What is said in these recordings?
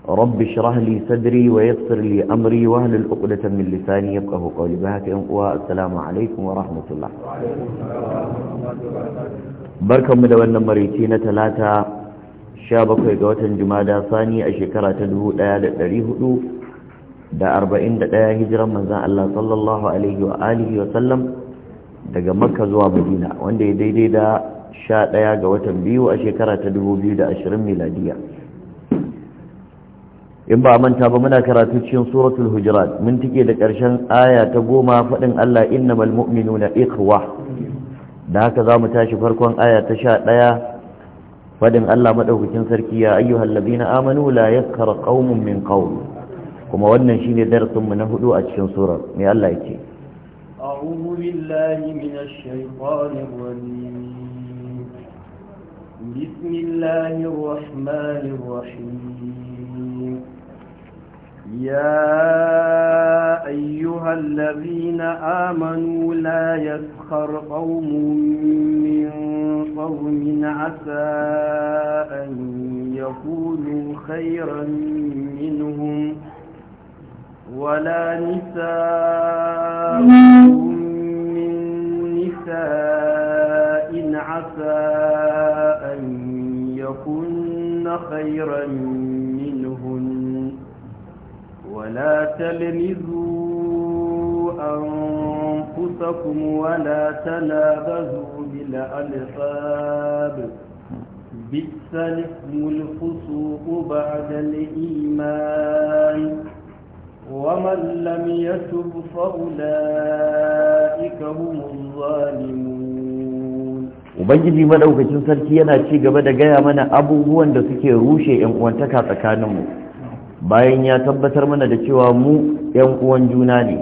sadri رب اشرح لي صدري ويسر لي امري واهلل عقدة من ba haka yan uwa ان السلام عليكم ورحمه الله barkanmu da wannan marici na talata 17 ga watan jumada sani a shekara ta 1441 hijiran manzan Allah sallallahu alaihi wa alihi wa sallam daga makka zuwa madina wanda ya daidai da 11 ga watan biyu a shekara ta 2020 miladiya in ba manta ba muna karatu cikin suratul hujurat mun tike da ƙarshen aya ta goma faɗin Allah innamal mu'minuna ikhwa da haka zamu tashi farkon aya ta 11 faɗin Allah madaukakin sarki ya ayyuhal ladina amanu la yaskar qaumun min qaum kuma wannan shine darasin mu na hudu a cikin surar me Allah yake أعوذ بالله من الشيطان الرجيم بسم الله الرحمن الرحيم يا أيها الذين آمنوا لا يسخر قوم من قوم عسى أن يكونوا خيرا منهم ولا نساء من نساء عسى أن يكون خيرا منهم ولا تلمزوا أنفسكم ولا تنابزوا بالألقاب بئس الاسم الفسوق بعد الإيمان ومن لم يتب فأولئك هم الظالمون ubangiji maɗaukacin sarki yana ci gaba da gaya mana abubuwan da suke rushe yan uwantaka tsakaninmu bayan ya tabbatar mana da cewa mu yan uwan juna ne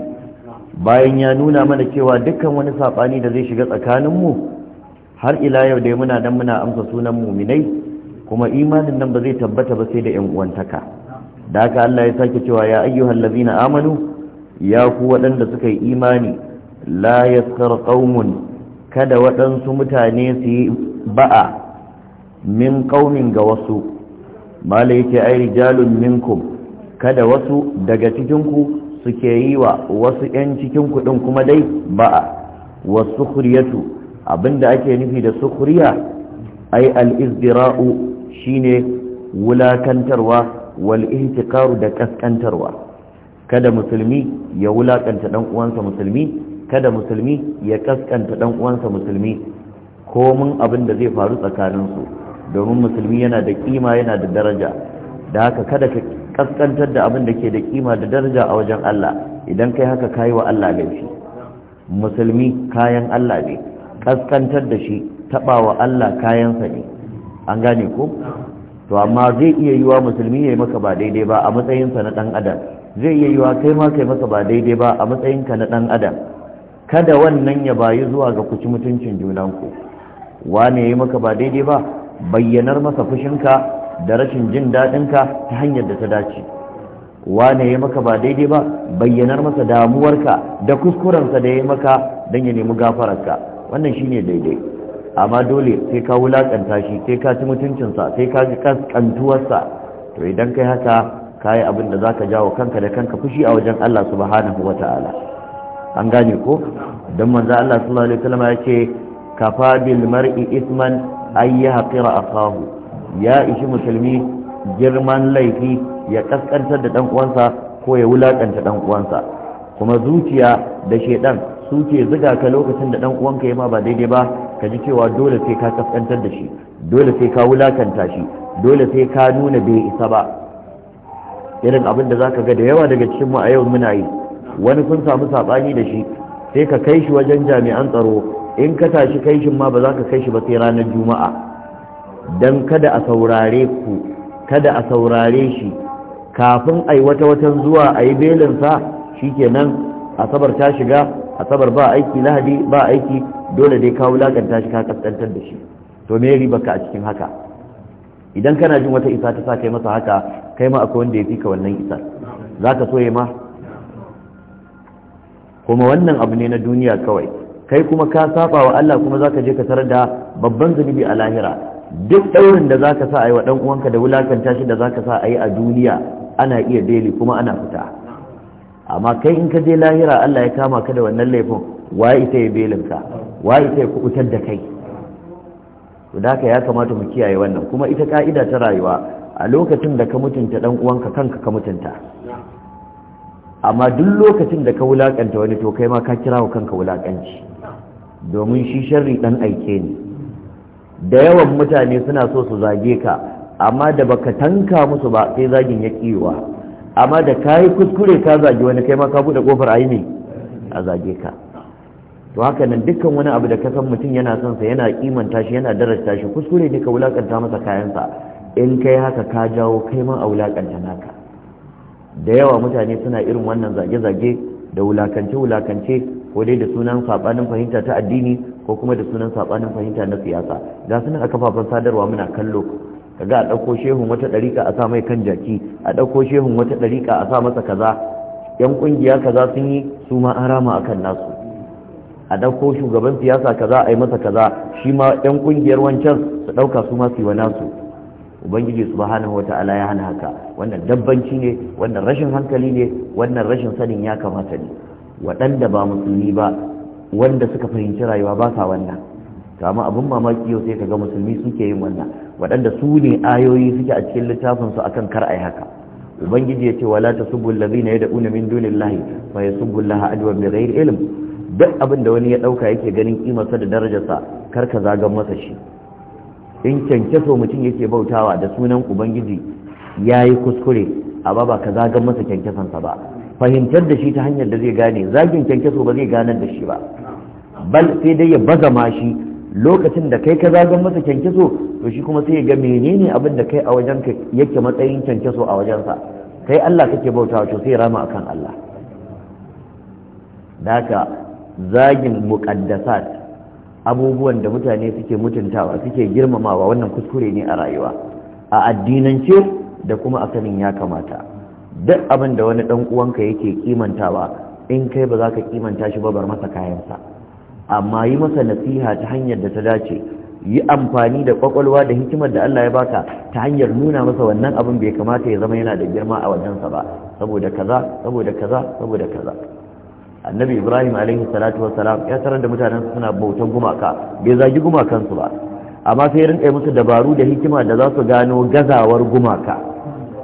bayan ya nuna mana cewa dukkan wani saɓani da zai shiga tsakaninmu har ila yau dai muna da muna amsa sunan muminai kuma imanin nan ba zai tabbata ba sai da yan uwantaka da aka Allah ya sake cewa ya ayyuhal na amanu ya ku waɗanda suka yi imani la tsar kada waɗansu mutane su yi ba'a min ƙaunin ga wasu mala yake ai rijalun minkum kada wasu daga cikinku suke yi wa wasu 'yan cikinku ɗin kuma dai ba'a wasu kuriyatu abinda ake nufi da sukuriya ai al'izdira'u shine wulakantarwa wal ihtiqaru da kaskantarwa kada musulmi ya wulakanta dan uwansa musulmi kada musulmi ya kaskanta dan uwansa musulmi komin abin da zai faru tsakaninsu domin musulmi yana da kima yana da daraja da haka kada ka kaskantar da abin da ke da kima da daraja a wajen Allah idan kai haka kayi wa Allah laifi musulmi kayan Allah ne kaskantar da shi taba wa Allah kayansa ne an gane ko to amma zai iya yiwa musulmi yayi maka ba daidai ba a matsayinsa na dan adam zai iya yiwa kai ma kai maka ba daidai ba a matsayinka na dan adam kada wannan ya bayi zuwa ga kuci mutuncin junanku wane yayi maka ba daidai ba bayyanar masa fushinka da rashin jin daɗinka ta hanyar da ta dace wane ya maka ba daidai ba bayyanar masa damuwarka da kuskurensa da ya maka don ya nemi gafararka wannan shi ne daidai amma dole sai ka wulaƙanta shi sai ka ci mutuncinsa sai ka ji kaskantuwarsa to idan kai haka ka yi abin da za ka jawo kanka da kanka fushi a wajen Allah subhanahu wa ta'ala an gane ko don manzo Allah sallallahu alaihi wasallam ya ce kafa bil mar'i isman ay ya haqira akahu ya ishi musulmi girman laifi ya kaskantar da dan uwansa ko ya wulakanta dan uwansa kuma zuciya da shedan su ke ziga ka lokacin da dan uwanka ya ma ba daidai ba ka ji cewa dole sai ka kaskantar da shi dole sai ka wulakanta shi dole sai ka nuna bai isa ba irin abin da zaka ga da yawa daga cikin mu a yau muna yi wani kun samu sabani da shi sai ka kai shi wajen jami'an tsaro in ka tashi kai shi ma ba za ka kai shi ba sai ranar juma'a don kada a saurare ku kada a saurare shi kafin a yi wata watan zuwa a yi belinsa shi kenan asabar ta shiga asabar ba aiki lahadi ba aiki dole dai kawo laganta shi ka kaskantar da shi to me riba ka a cikin haka idan kana jin wata isa ta sa kai masa haka kai ma akwai wanda ya fi ka wannan isa za ka so ma kuma wannan abu ne na duniya kawai kai kuma ka saba wa Allah kuma zaka je ka tarar da babban zunubi a lahira duk daurin da zaka sa ayi wa dan uwanka da wulakanta shi da zaka sa ayi a duniya ana iya daili kuma ana fita amma kai in ka je lahira Allah ya kama ka da wannan laifin waye ita ya belin ka waye ita ya kubutar da kai to da ya kamata mu kiyaye wannan kuma ita ka'ida ta rayuwa a lokacin da ka mutunta dan uwanka kanka ka mutunta amma duk lokacin da ka wulakanta wani to kai ma ka kira wa kanka wulakanci domin shi sharri ɗan aike ne da yawan mutane suna so su zage ka amma da baka tanka musu ba sai zagin ya ƙiwa amma da ka yi kuskure ka zage wani kai ma ka buɗe ƙofar ayi ne a zage ka to haka nan dukkan wani abu da ka san mutum yana son sa yana kimanta shi yana darasta shi kuskure ne ka wulakanta masa kayansa in kai haka ka jawo kai ma a wulakanta naka da yawa mutane suna irin wannan zage-zage da wulakance-wulakance ko dai da sunan sabanin fahimta ta addini ko kuma da sunan sabanin fahimta na siyasa ga sunan a kafafen sadarwa muna kallo kaga a ɗauko shehun wata ɗariƙa a sa mai kan jaki a ɗauko shehun wata ɗariƙa a sa masa kaza yan kungiya kaza sun yi su ma an rama a kan nasu a ɗauko shugaban siyasa kaza a yi masa kaza shi ma yan ƙungiyar wancan su ɗauka su ma su yi wa nasu ubangiji subhanahu wa ta'ala ya hana haka wannan dabbanci ne wannan rashin hankali ne wannan rashin sanin ya kamata ne waɗanda ba musulmi ba wanda suka fahimci rayuwa ba sa wannan kama abin mamaki yau sai ka ga musulmi suke yin wannan waɗanda su ne ayoyi suke a cikin littafin su akan kar ai haka ubangiji ya ce wala tasubbu allazina yad'una min dunillahi fa yasubbu allaha bi ghairi ilm duk abin da wani ya dauka yake ganin kimarsa da darajarsa kar ka zagan masa shi in kyankyaso mutum yake bautawa da sunan ubangiji yayi kuskure amma ba ka zagan masa kyankyasansa ba fahimtar da shi ta hanyar da zai gane zagin kyankyaso ba zai gane da shi ba bal sai dai ya baza ma shi lokacin da kai ka zagon masa kyankyaso to shi kuma sai ya ga menene abin da kai a wajen ka yake matsayin kyankyaso a wajensa kai Allah kake bautawa to sai rama akan Allah da zagin muqaddasat abubuwan da mutane suke mutuntawa suke girmamawa wannan kuskure ne a rayuwa a addinance da kuma a asalin ya kamata duk abin da wani dan uwanka yake kimantawa in kai ba za ka kimanta shi ba bar masa kayansa amma yi masa nasiha ta hanyar da ta dace yi amfani da kwakwalwa da hikimar da Allah ya baka ta hanyar nuna masa wannan abin bai kamata ya zama yana da girma a wajensa ba saboda kaza saboda kaza saboda kaza annabi ibrahim alaihi salatu salam ya tarar da mutanen suna bautan gumaka bai zagi gumakansu ba amma sai rinka musu dabaru da hikima da za su gano gazawar gumaka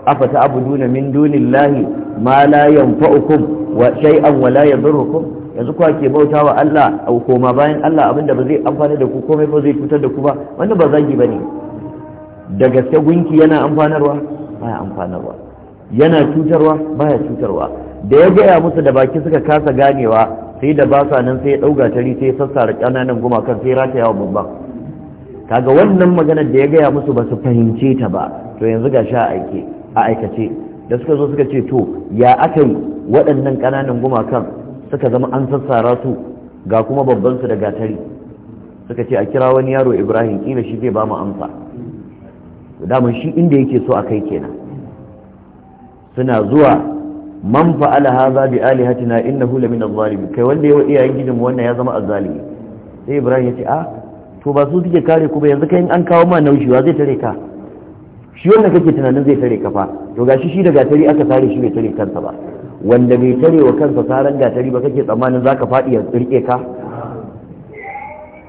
afata duna min dunillahi ma la yanfa'ukum wa shay'an wa la yadurrukum yanzu kuwa ke bauta wa Allah a koma bayan Allah abinda ba zai amfana da ku komai ba zai cutar da ku ba wannan ba zagi bane da gaske gunki yana amfanarwa baya amfanarwa yana cutarwa baya cutarwa da ya gaya musu da baki suka kasa ganewa sai da ba sa nan sai ya dauga tari sai ya sassara kananan gumakan sai ta yawa babban kaga wannan maganar da ya gaya musu ba su fahimce ta ba to yanzu ga sha aike a aikace da suka zo suka ce to ya aka yi waɗannan ƙananan gumakan suka zama an sassara su ga kuma babban su da gatari suka ce a kira wani yaro ibrahim ƙila shi zai ba mu amsa mun shi inda yake so a kai kenan suna zuwa man fa'ala hadha bi alihatina innahu lamin adh-dhalimin kai wanda yawa iyayen gidan wannan ya zama azzalimi sai ibrahim ya ce a ah, to ba su suke kare ku ba yanzu kai in an kawo ma wa zai tare ka shi wanda kake tunanin zai tare kafa to gashi shi da gatari aka sare shi bai tare kansa ba wanda bai tare wa kansa saran gatari ba kake tsammanin zaka faɗi ya tsirke ka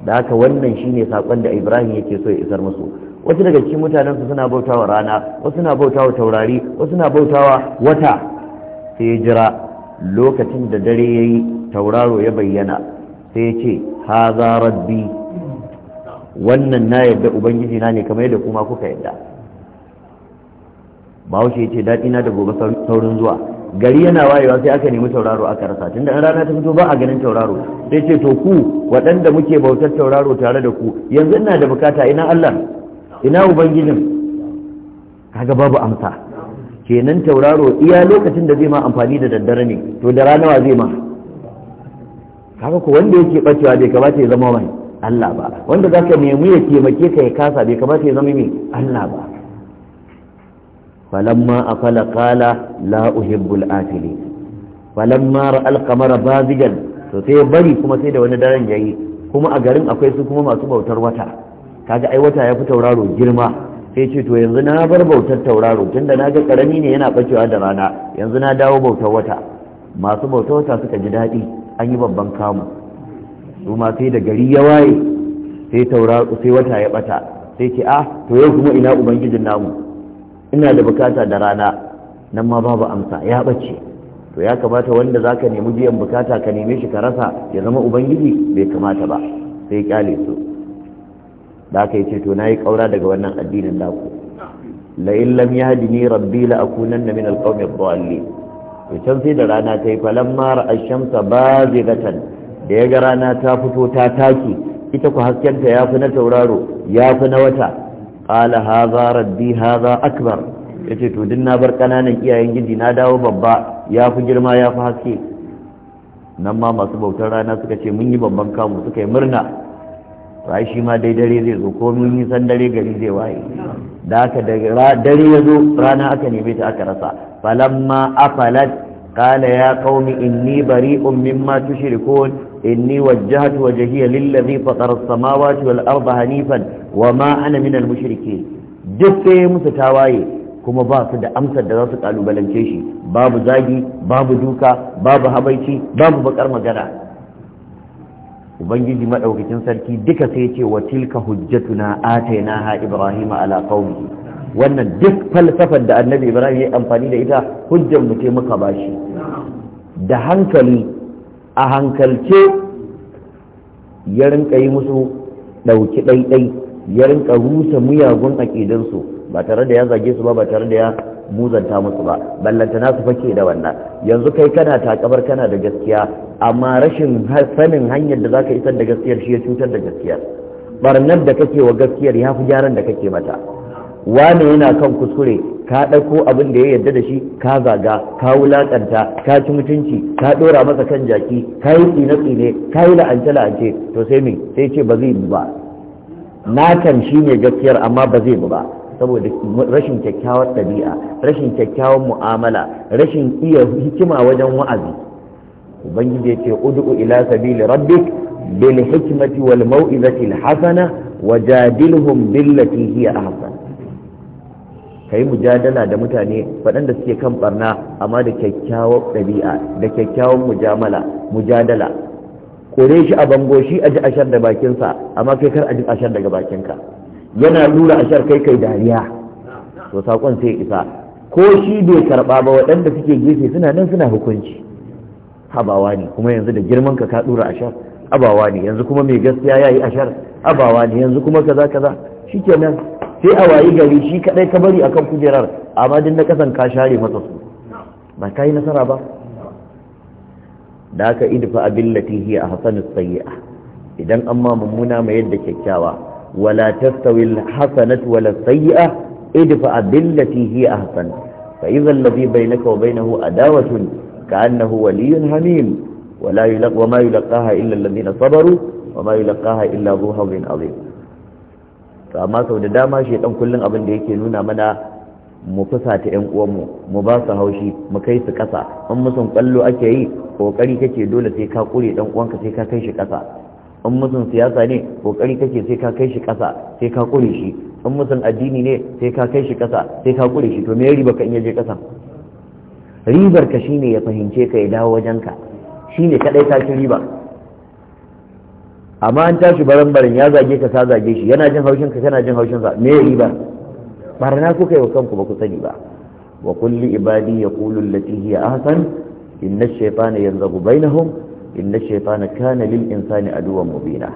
da haka wannan shine sakon da Ibrahim yake so ya isar musu wasu daga cikin mutanen su suna bautawa rana wasu suna bautawa taurari wasu suna bautawa wata sai ya jira lokacin da dare yayi tauraro ya bayyana sai ya ce haza rabbi wannan na yadda ubangiji na ne kamar yadda kuma kuka yadda ba wuce ce daɗi na da gobe saurin zuwa gari yana wayewa sai aka nemi tauraro aka rasa tunda in rana ta fito ba a ganin tauraro sai ce to ku waɗanda muke bautar tauraro tare da ku yanzu ina da bukata ina Allah ina ubangijin kaga babu amsa kenan tauraro iya lokacin da zai ma amfani da daddare ne to da rana wa zai ma kaga ko wanda yake bacewa bai kamata ya zama mai Allah ba wanda zaka nemi ya taimake ka ya kasa bai kamata ya zama mai Allah ba falamma afala qala la uhibbul afili falamma ra'a al bazigan to sai bari kuma sai da wani daren yayi kuma a garin akwai su kuma masu bautar wata kaga ai wata ya fi tauraro girma sai ce to yanzu na bar bautar tauraro tunda na ga karami ne yana bacewa da rana yanzu na dawo bautar wata masu bautar wata suka ji daɗi an yi babban kamu su ma sai da gari ya waye sai tauraro sai wata ya bata sai ce ah to yau kuma ina ubangijin namu ina da bukata da rana nan ma babu amsa ya bace to ya kamata wanda zaka nemi biyan bukata ka neme shi ka rasa ya zama ubangiji bai kamata ba sai kyale su da aka yi ce to nayi kaura daga wannan addinin naku la in lam yahdini rabbi la akunanna min alqawmi ad-dallin to can sai da rana ta yi ba ra'ashamsa gatan da ya ga rana ta fito ta take ita ku haskenta ya fi na tauraro ya fi na wata qala hadha rabbi hadha akbar yace to din na bar kananan iyayen gidi na dawo babba yafi girma yafi haske nan ma masu bautar rana suka ce mun yi babban kamu suka yi murna rai shi ma dai dare zai zo ko mun yi san dare gari zai waye da aka dare ya zo rana aka neme ta aka rasa falamma afalat قال يا قوم إني بريء مما تشركون إني وجهت وجهي للذي فطر السماوات والأرض Hanifan. wa ma ana minal duk sai musu tawaye kuma ba su da amsar da za su kalubalance shi babu zagi babu duka babu habaici babu bakar magana ubangiji madaukakin sarki duka sai ce wa tilka hujjatuna atainaha ibrahima ala qaumi wannan duk falsafar da annabi ibrahim ya amfani da ita hujjar mu ce muka bashi da hankali a hankalce ya rinka yi musu ɗauki ɗaiɗai ya rinka rusa miyagun aƙidansu ba tare da ya zage su ba ba tare da ya muzanta musu ba ballanta na fake da wannan yanzu kai kana takabar kana da gaskiya amma rashin sanin hanyar da zaka isar da gaskiyar shi ya cutar da gaskiyar barnar da kake wa gaskiyar ya fi gyaran da kake mata wane yana kan kuskure ka ɗauko abin da ya yarda da shi ka zaga ka wulaƙanta ka ci mutunci ka ɗora masa kan jaki ka yi tsine-tsine ka yi la'ance-la'ance to sai me sai ce ba zai yi ba natan shi ne gaskiyar amma ba zai ba saboda rashin kyakkyawar ɗabi'a rashin kyakkyawar mu'amala rashin iya hikima wajen wa'azi ubangiji ya ce ud'u ila sabili rabbik bil hikmati wal mau'izati al hasana wajadilhum billati hiya ahsan ka yi mujadala da mutane waɗanda suke kan barna amma da kyakkyawar ɗabi'a da kyakkyawar mujamala mujadala kore shi a bango shi a ji ashar da bakinsa amma kai kar a ji ashar daga bakinka yana lura ashar kai kai dariya to sakon sai isa ko shi bai karba ba waɗanda suke gefe suna nan suna hukunci abawa ne kuma yanzu da girman ka ka dura ashar abawa ne yanzu kuma mai gaskiya yayi ashar abawa ne yanzu kuma kaza kaza shikenan sai a wayi gari shi kadai ka bari akan kujerar amma din na kasan ka share masa su ba kai nasara ba da aka idfa abillati hiya ahsanu sayyi'a idan amma mummuna mai yadda kyakkyawa wala tastawi alhasanatu wala sayyi'a idfa abillati hiya ahsan fa idha alladhi bainaka wa bainahu adawatun ka'annahu waliyyun hamim wala yulaq wa ma yi yulaqaha illa alladhina sabaru wa ma yi yulaqaha illa dhu hawlin azim to amma sau da dama shi ɗan kullum abin da yake nuna mana mu fusa ta ƴan uwanmu mu ba su haushi mu kai su ƙasa in musun ƙwallo ake yi ƙoƙari kake dole sai ka ƙure ɗan uwanka sai ka kai shi ƙasa in musun siyasa ne ƙoƙari kake sai ka kai shi ƙasa sai ka ƙure shi in musun addini ne sai ka kai shi ƙasa sai ka ƙure shi to me riba ka in je ƙasa ribar ka shine ya fahimce ka ya dawo wajen ka shine kadai ta ci riba amma an tashi baran-baran ya zage ka ta zage shi yana jin haushin ka kana jin haushin sa me riba barna kuka yi wa kanku ba ku sani ba wa kulli ibadi yaqulu allati hiya ahsan inna ash-shaytana yanzabu bainahum inna ash kana lil insani aduwwan mubina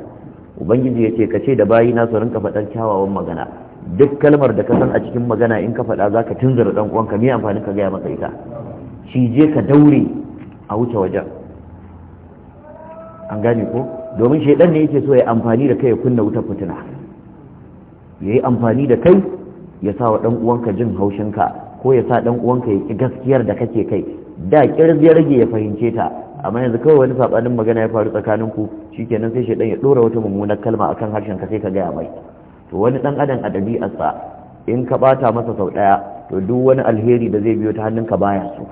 ubangiji yace kace da bayi na su rinka fadan kyawawan magana duk kalmar da ka san a cikin magana in ka fada zaka tunzura dan uwanka me amfani ka gaya masa ita shi je ka daure a wuce wajen an gane ko domin shaidan ne yake so ya amfani da kai ya kunna wutar fitina ya yi amfani da kai ya sa wa ɗan uwanka jin haushinka ko ya sa ɗan uwanka ya ƙi gaskiyar da kake kai da ƙirz ya rage ya fahimce ta amma yanzu kawai wani saɓanin magana ya faru tsakanin ku shikenan sai shaidan ya ɗora wata mummunar kalma akan harshen ka sai ka gaya mai to wani ɗan adam a ɗabi'arsa in ka ɓata masa sau ɗaya to duk wani alheri da zai biyo ta hannunka baya so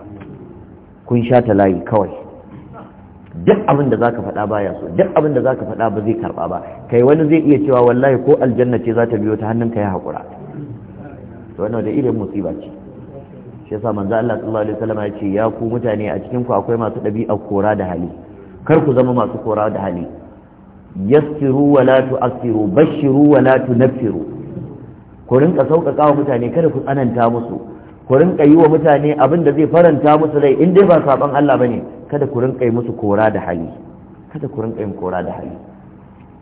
kun sha ta layi kawai duk abin da zaka faɗa baya so duk abin da zaka faɗa ba zai karɓa ba kai wani zai iya cewa wallahi ko aljanna ce za ta biyo ta hannunka ya haƙura to wannan da irin musiba ce shi yasa manzo Allah sallallahu alaihi wasallam ya ce ya ku mutane a cikin ku akwai masu dabi'a kora da hali kar ku zama masu kora da hali yasiru wa la tu'siru bashiru wa la tunfiru ku rinka sauƙaƙa wa mutane kada ku tsananta musu ku rinka yi wa mutane abin da zai faranta musu rai in dai ba saban Allah bane kada ku rinka yi musu kora da hali kada ku rinka yin kora da hali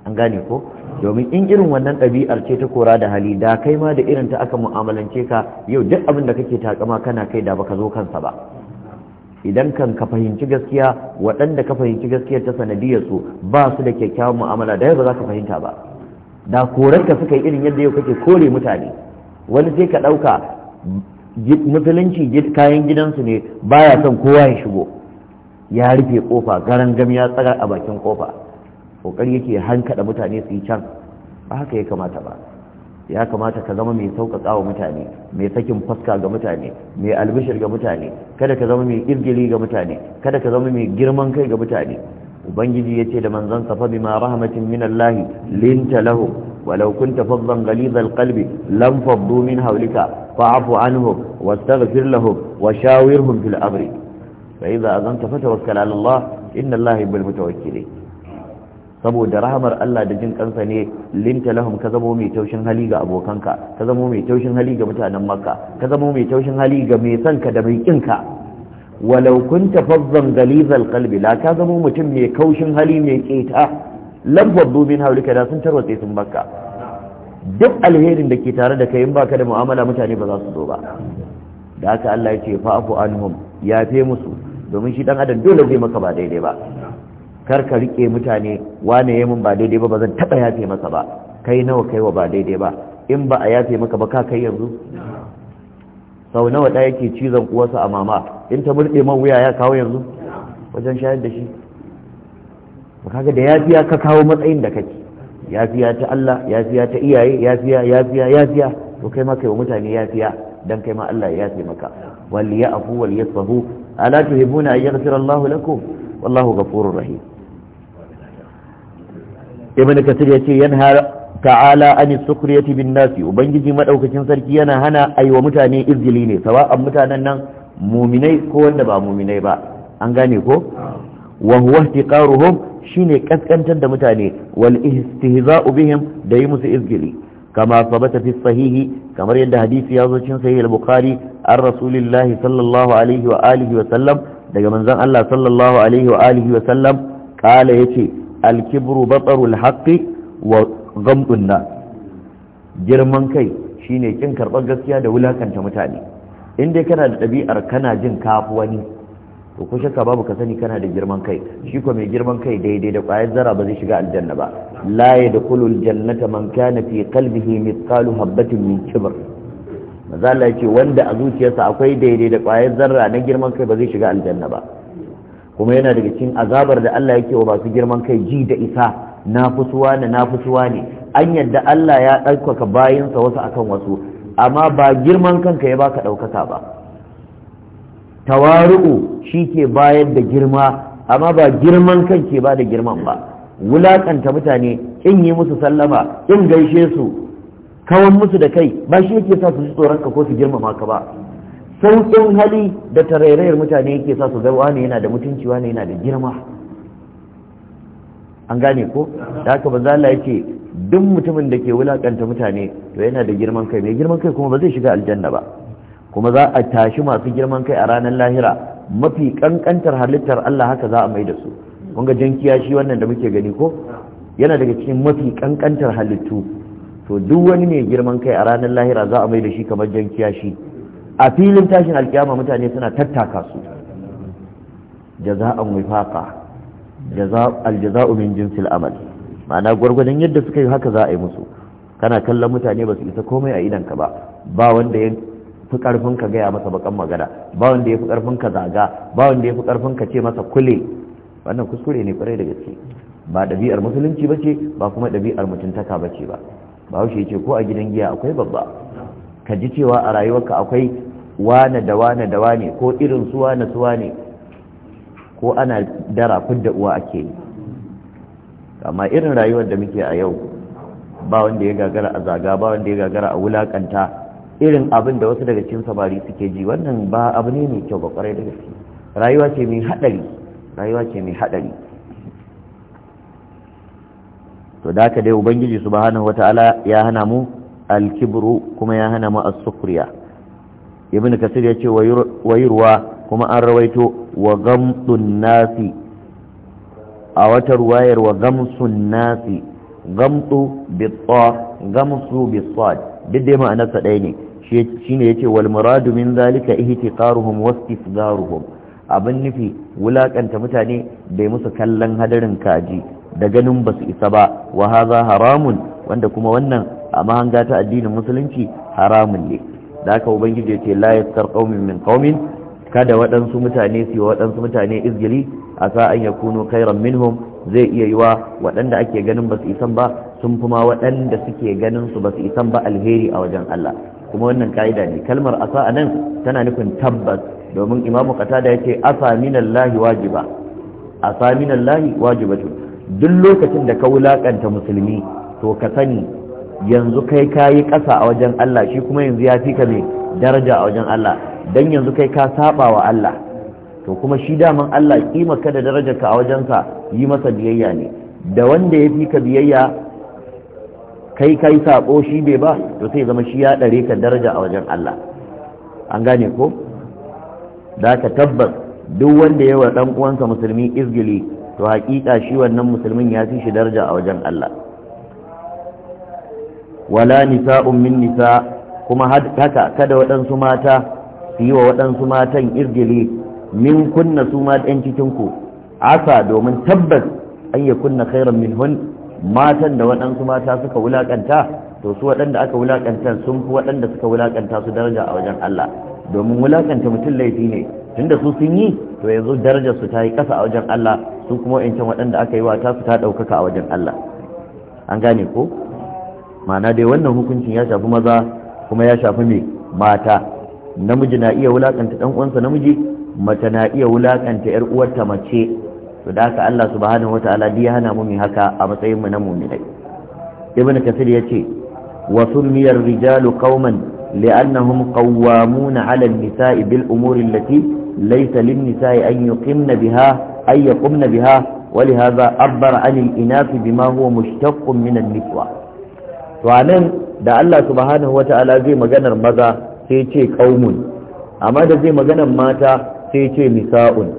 an gane ko domin in irin wannan ɗabi'ar ce ta kora da hali da kai ma da irin ta aka mu'amalance ka yau duk abin da kake takama kana kai da baka zo kansa ba idan kan ka fahimci gaskiya waɗanda ka fahimci gaskiyar ta sanadiyar su ba su da kyakkyawan mu'amala da yau ba za ka fahimta ba da korarka suka yi irin yadda yau kake kore mutane wani sai ka ɗauka musulunci kayan gidansu ne baya son kowa ya shigo ya rufe kofa garan ya tsara a bakin kofa kokari yake hankada mutane su yi can ba haka ya kamata ba ya kamata ka zama mai sauƙaƙa wa mutane mai sakin faska ga mutane mai albishir ga mutane kada ka zama mai izgili ga mutane kada ka zama mai girman kai ga mutane ubangiji ya ce da manzon safa bima rahmatin min Allah linta lahu walau kunta faddan ghalizal qalbi lam faddu min hawlika fa'fu anhum wastaghfir lahum wa shawirhum fil amri fa idza azanta fatawakkal ala Allah inna Allah yuhibbul mutawakkilin saboda rahamar Allah da jin kansa ne linta lahum ka zamo mai taushin hali ga abokanka ka zamo mai taushin hali ga mutanen makka ka zamo mai taushin hali ga mai sanka da mai kin ka walau kunta fazzan galizal qalbi la ka zamo mutum mai kaushin hali mai keta labbadu min haulika da sun tarwatse sun Makka. duk alherin da ke tare da kai baka da mu'amala mutane ba za su zo ba da haka Allah ya ce fa'fu anhum yafe musu domin shi dan adam dole zai maka ba daidai ba kar ka rike mutane wane ya mun ba daidai ba ba zan taba yafe masa ba kai nawa kai wa ba daidai ba in ba a yafe maka ba ka kai yanzu sau nawa ɗaya yake cizon uwarsa a mama in ta burɗe man wuya ya kawo yanzu wajen shayar da shi ba kaga da yafiya ka kawo matsayin da kake yafiya ta Allah yafiya ta iyaye yafiya yafiya yafiya to kai ma kai wa mutane yafiya dan kai ma Allah ya yafe maka wal ya'fu wal yasfahu ala tuhibuna an yaghfira Allahu lakum wallahu ghafurur rahim ibn kasir ya ce yanha ta'ala an sukriyati bin nasi ubangiji madaukakin sarki yana hana aiwa mutane izgili ne sawa'an mutanen nan muminai ko wanda ba muminai ba an gane ko wa huwa ihtiqaruhum shine kaskantar da mutane wal istihza'u bihim da yi musu izgili كما ثبت sahihi kamar yadda يند ya zo cikin sahih al-bukhari an rasulillahi sallallahu alaihi wa alihi wa sallam daga manzon Allah sallallahu alaihi wa alihi wa sallam kala yace alkibru batsarul haqqi wa girman kai shine kin karɓar gaskiya da wulakanta mutane in dai kana da ɗabi'ar kana jin kafuwani wani to ko shakka babu ka sani kana da girman kai shi ko mai girman kai daidai da ƙwayar zara ba zai shiga aljanna ba la yadkhulul jannata man kana fi qalbihi mithqalu habatin min kibr maza Allah wanda a zuciyarsa akwai daidai da ƙwayar zarra na girman kai ba zai shiga aljanna ba kuma yana daga cikin azabar da Allah yake wa masu girman kai ji da isa na fusuwa ne na fusuwa ne an yadda Allah ya ɗaukaka bayansa wasu akan wasu amma ba girman kanka ya baka ɗaukaka ba tawaru'u shi ke bayar da girma amma ba girman kan ke ba da girman ba wulaƙanta mutane in yi musu sallama in gaishe su kawan musu da kai ba shi yake sa su ji tsoron ka ko su girmama ka ba sauƙin hali da tarairayar mutane yake sa su ga ne yana da mutunci wani yana da girma an gane ko da haka ba zala ya ce duk mutumin da ke wulakanta mutane to yana da girman kai mai girman kai kuma ba zai shiga aljanna ba kuma za a tashi masu girman kai a ranar lahira mafi kankantar halittar Allah haka za a mai da su kun jan kiyashi wannan da muke gani ko yana daga cikin mafi kankantar halittu to duk wani mai girman kai a ranar lahira za a mai da shi kamar jan kiyashi. a filin tashin alkiyama mutane suna tattaka su jaza'an wifaqa aljaza'u min jinsil amal ma'ana gwargwadon yadda suka yi haka za a yi musu kana kallon mutane ba su isa komai a idanka ba ba wanda ya fi karfin ka gaya masa bakan magana ba wanda ya fi karfin ka zaga ba wanda ya fi karfin ka ce masa kule wannan kuskure ne kwarai da gaske ba ɗabi'ar musulunci ba ce ba kuma ɗabi'ar mutuntaka ba ce ba ba haushe ce ko a gidan giya akwai babba ka ji cewa a rayuwarka akwai wane da wane da wane ko irin su wane su wane ko ana dara fidda uwa ake yi amma irin rayuwar da muke a yau ba wanda ya gagara a zaga ba wanda ya gagara a wulakanta irin abin da wasu daga cikin samari suke ji wannan ba abu ne mai kyau ba kwarai da gaske rayuwa ce mai haɗari rayuwa ce mai haɗari to da haka dai ubangiji subhanahu wataala ya hana mu alkibru kuma ya hana mu as-sukriya ibn kasir ya ce wayurwa kuma an rawaito wa gamsun nasi a wata ruwayar wa gamsun nasi gamsu bitsa gamsu bitsa duk dai ma'anarsa ɗaya ne shi ne ya ce wal muradu min zalika wasu wastifzaruhum abin nufi wulakanta mutane bai musu kallon hadarin kaji da ganin basu isa ba wa haramun wanda kuma wannan a mahanga ta addinin musulunci haramun ne da ubangiji ya ce la yaskar min ƙaumin kada waɗansu mutane su waɗansu mutane izgili a sa an yakunu khairan minhum zai iya yiwa waɗanda ake ganin basu isan ba sun ma waɗanda suke ganin su basu isan ba alheri a wajen Allah kuma wannan ka'ida ne kalmar asa a nan tana nufin tabbas domin imamu qatada yace asa minallahi wajiba asa minallahi wajibatun duk lokacin da ka wulakanta musulmi to ka sani yanzu kai ka yi ƙasa a wajen Allah shi kuma yanzu ya fi ka mai daraja a wajen Allah don yanzu kai ka saba wa Allah to kuma shi daman Allah kima ka da darajarka a wajensa yi masa biyayya ne da wanda ya fi ka biyayya kai kai saƙo shi bai ba to sai zama shi ya ɗare ka daraja a wajen Allah an gane ko da ka tabbas duk wanda ya wa ɗan uwansa musulmi izgili to haƙiƙa shi wannan musulmin ya fi shi daraja a wajen Allah wala nisa'un min nisa kuma haka kada waɗansu mata su yi wa waɗansu matan irgili min kunna su ma ɗan cikinku asa domin tabbas an yi kunna khairan min hun matan da waɗansu mata suka wulaƙanta to su waɗanda aka wulaƙanta sun fi waɗanda suka wulaƙanta su daraja a wajen Allah domin wulaƙanta mutum laifi ne tunda su sun yi to yanzu darajar su ta yi ƙasa a wajen Allah su kuma wa'ancan waɗanda aka yi wa ta su ta ɗaukaka a wajen Allah an gane ko ma'ana dai wannan hukuncin ya shafi maza kuma ya shafi mai mata namiji na iya wulakanta dan uwansa namiji mace na iya wulakanta yar uwarta mace to da haka Allah subhanahu wataala ya hana mu mai haka a matsayin mu na mu'minai ibnu kasir yace wa sulmiyar rijalu qauman لأنهم قوامون على النساء بالأمور التي ليس للنساء أن يقمن بها أن يقمن بها ولهذا أبر عن الإناث بما هو مشتق من النسوة to anan da Allah subhanahu wata'ala zai maganar maza sai ce qaumun amma da zai maganar mata sai ce nisa'un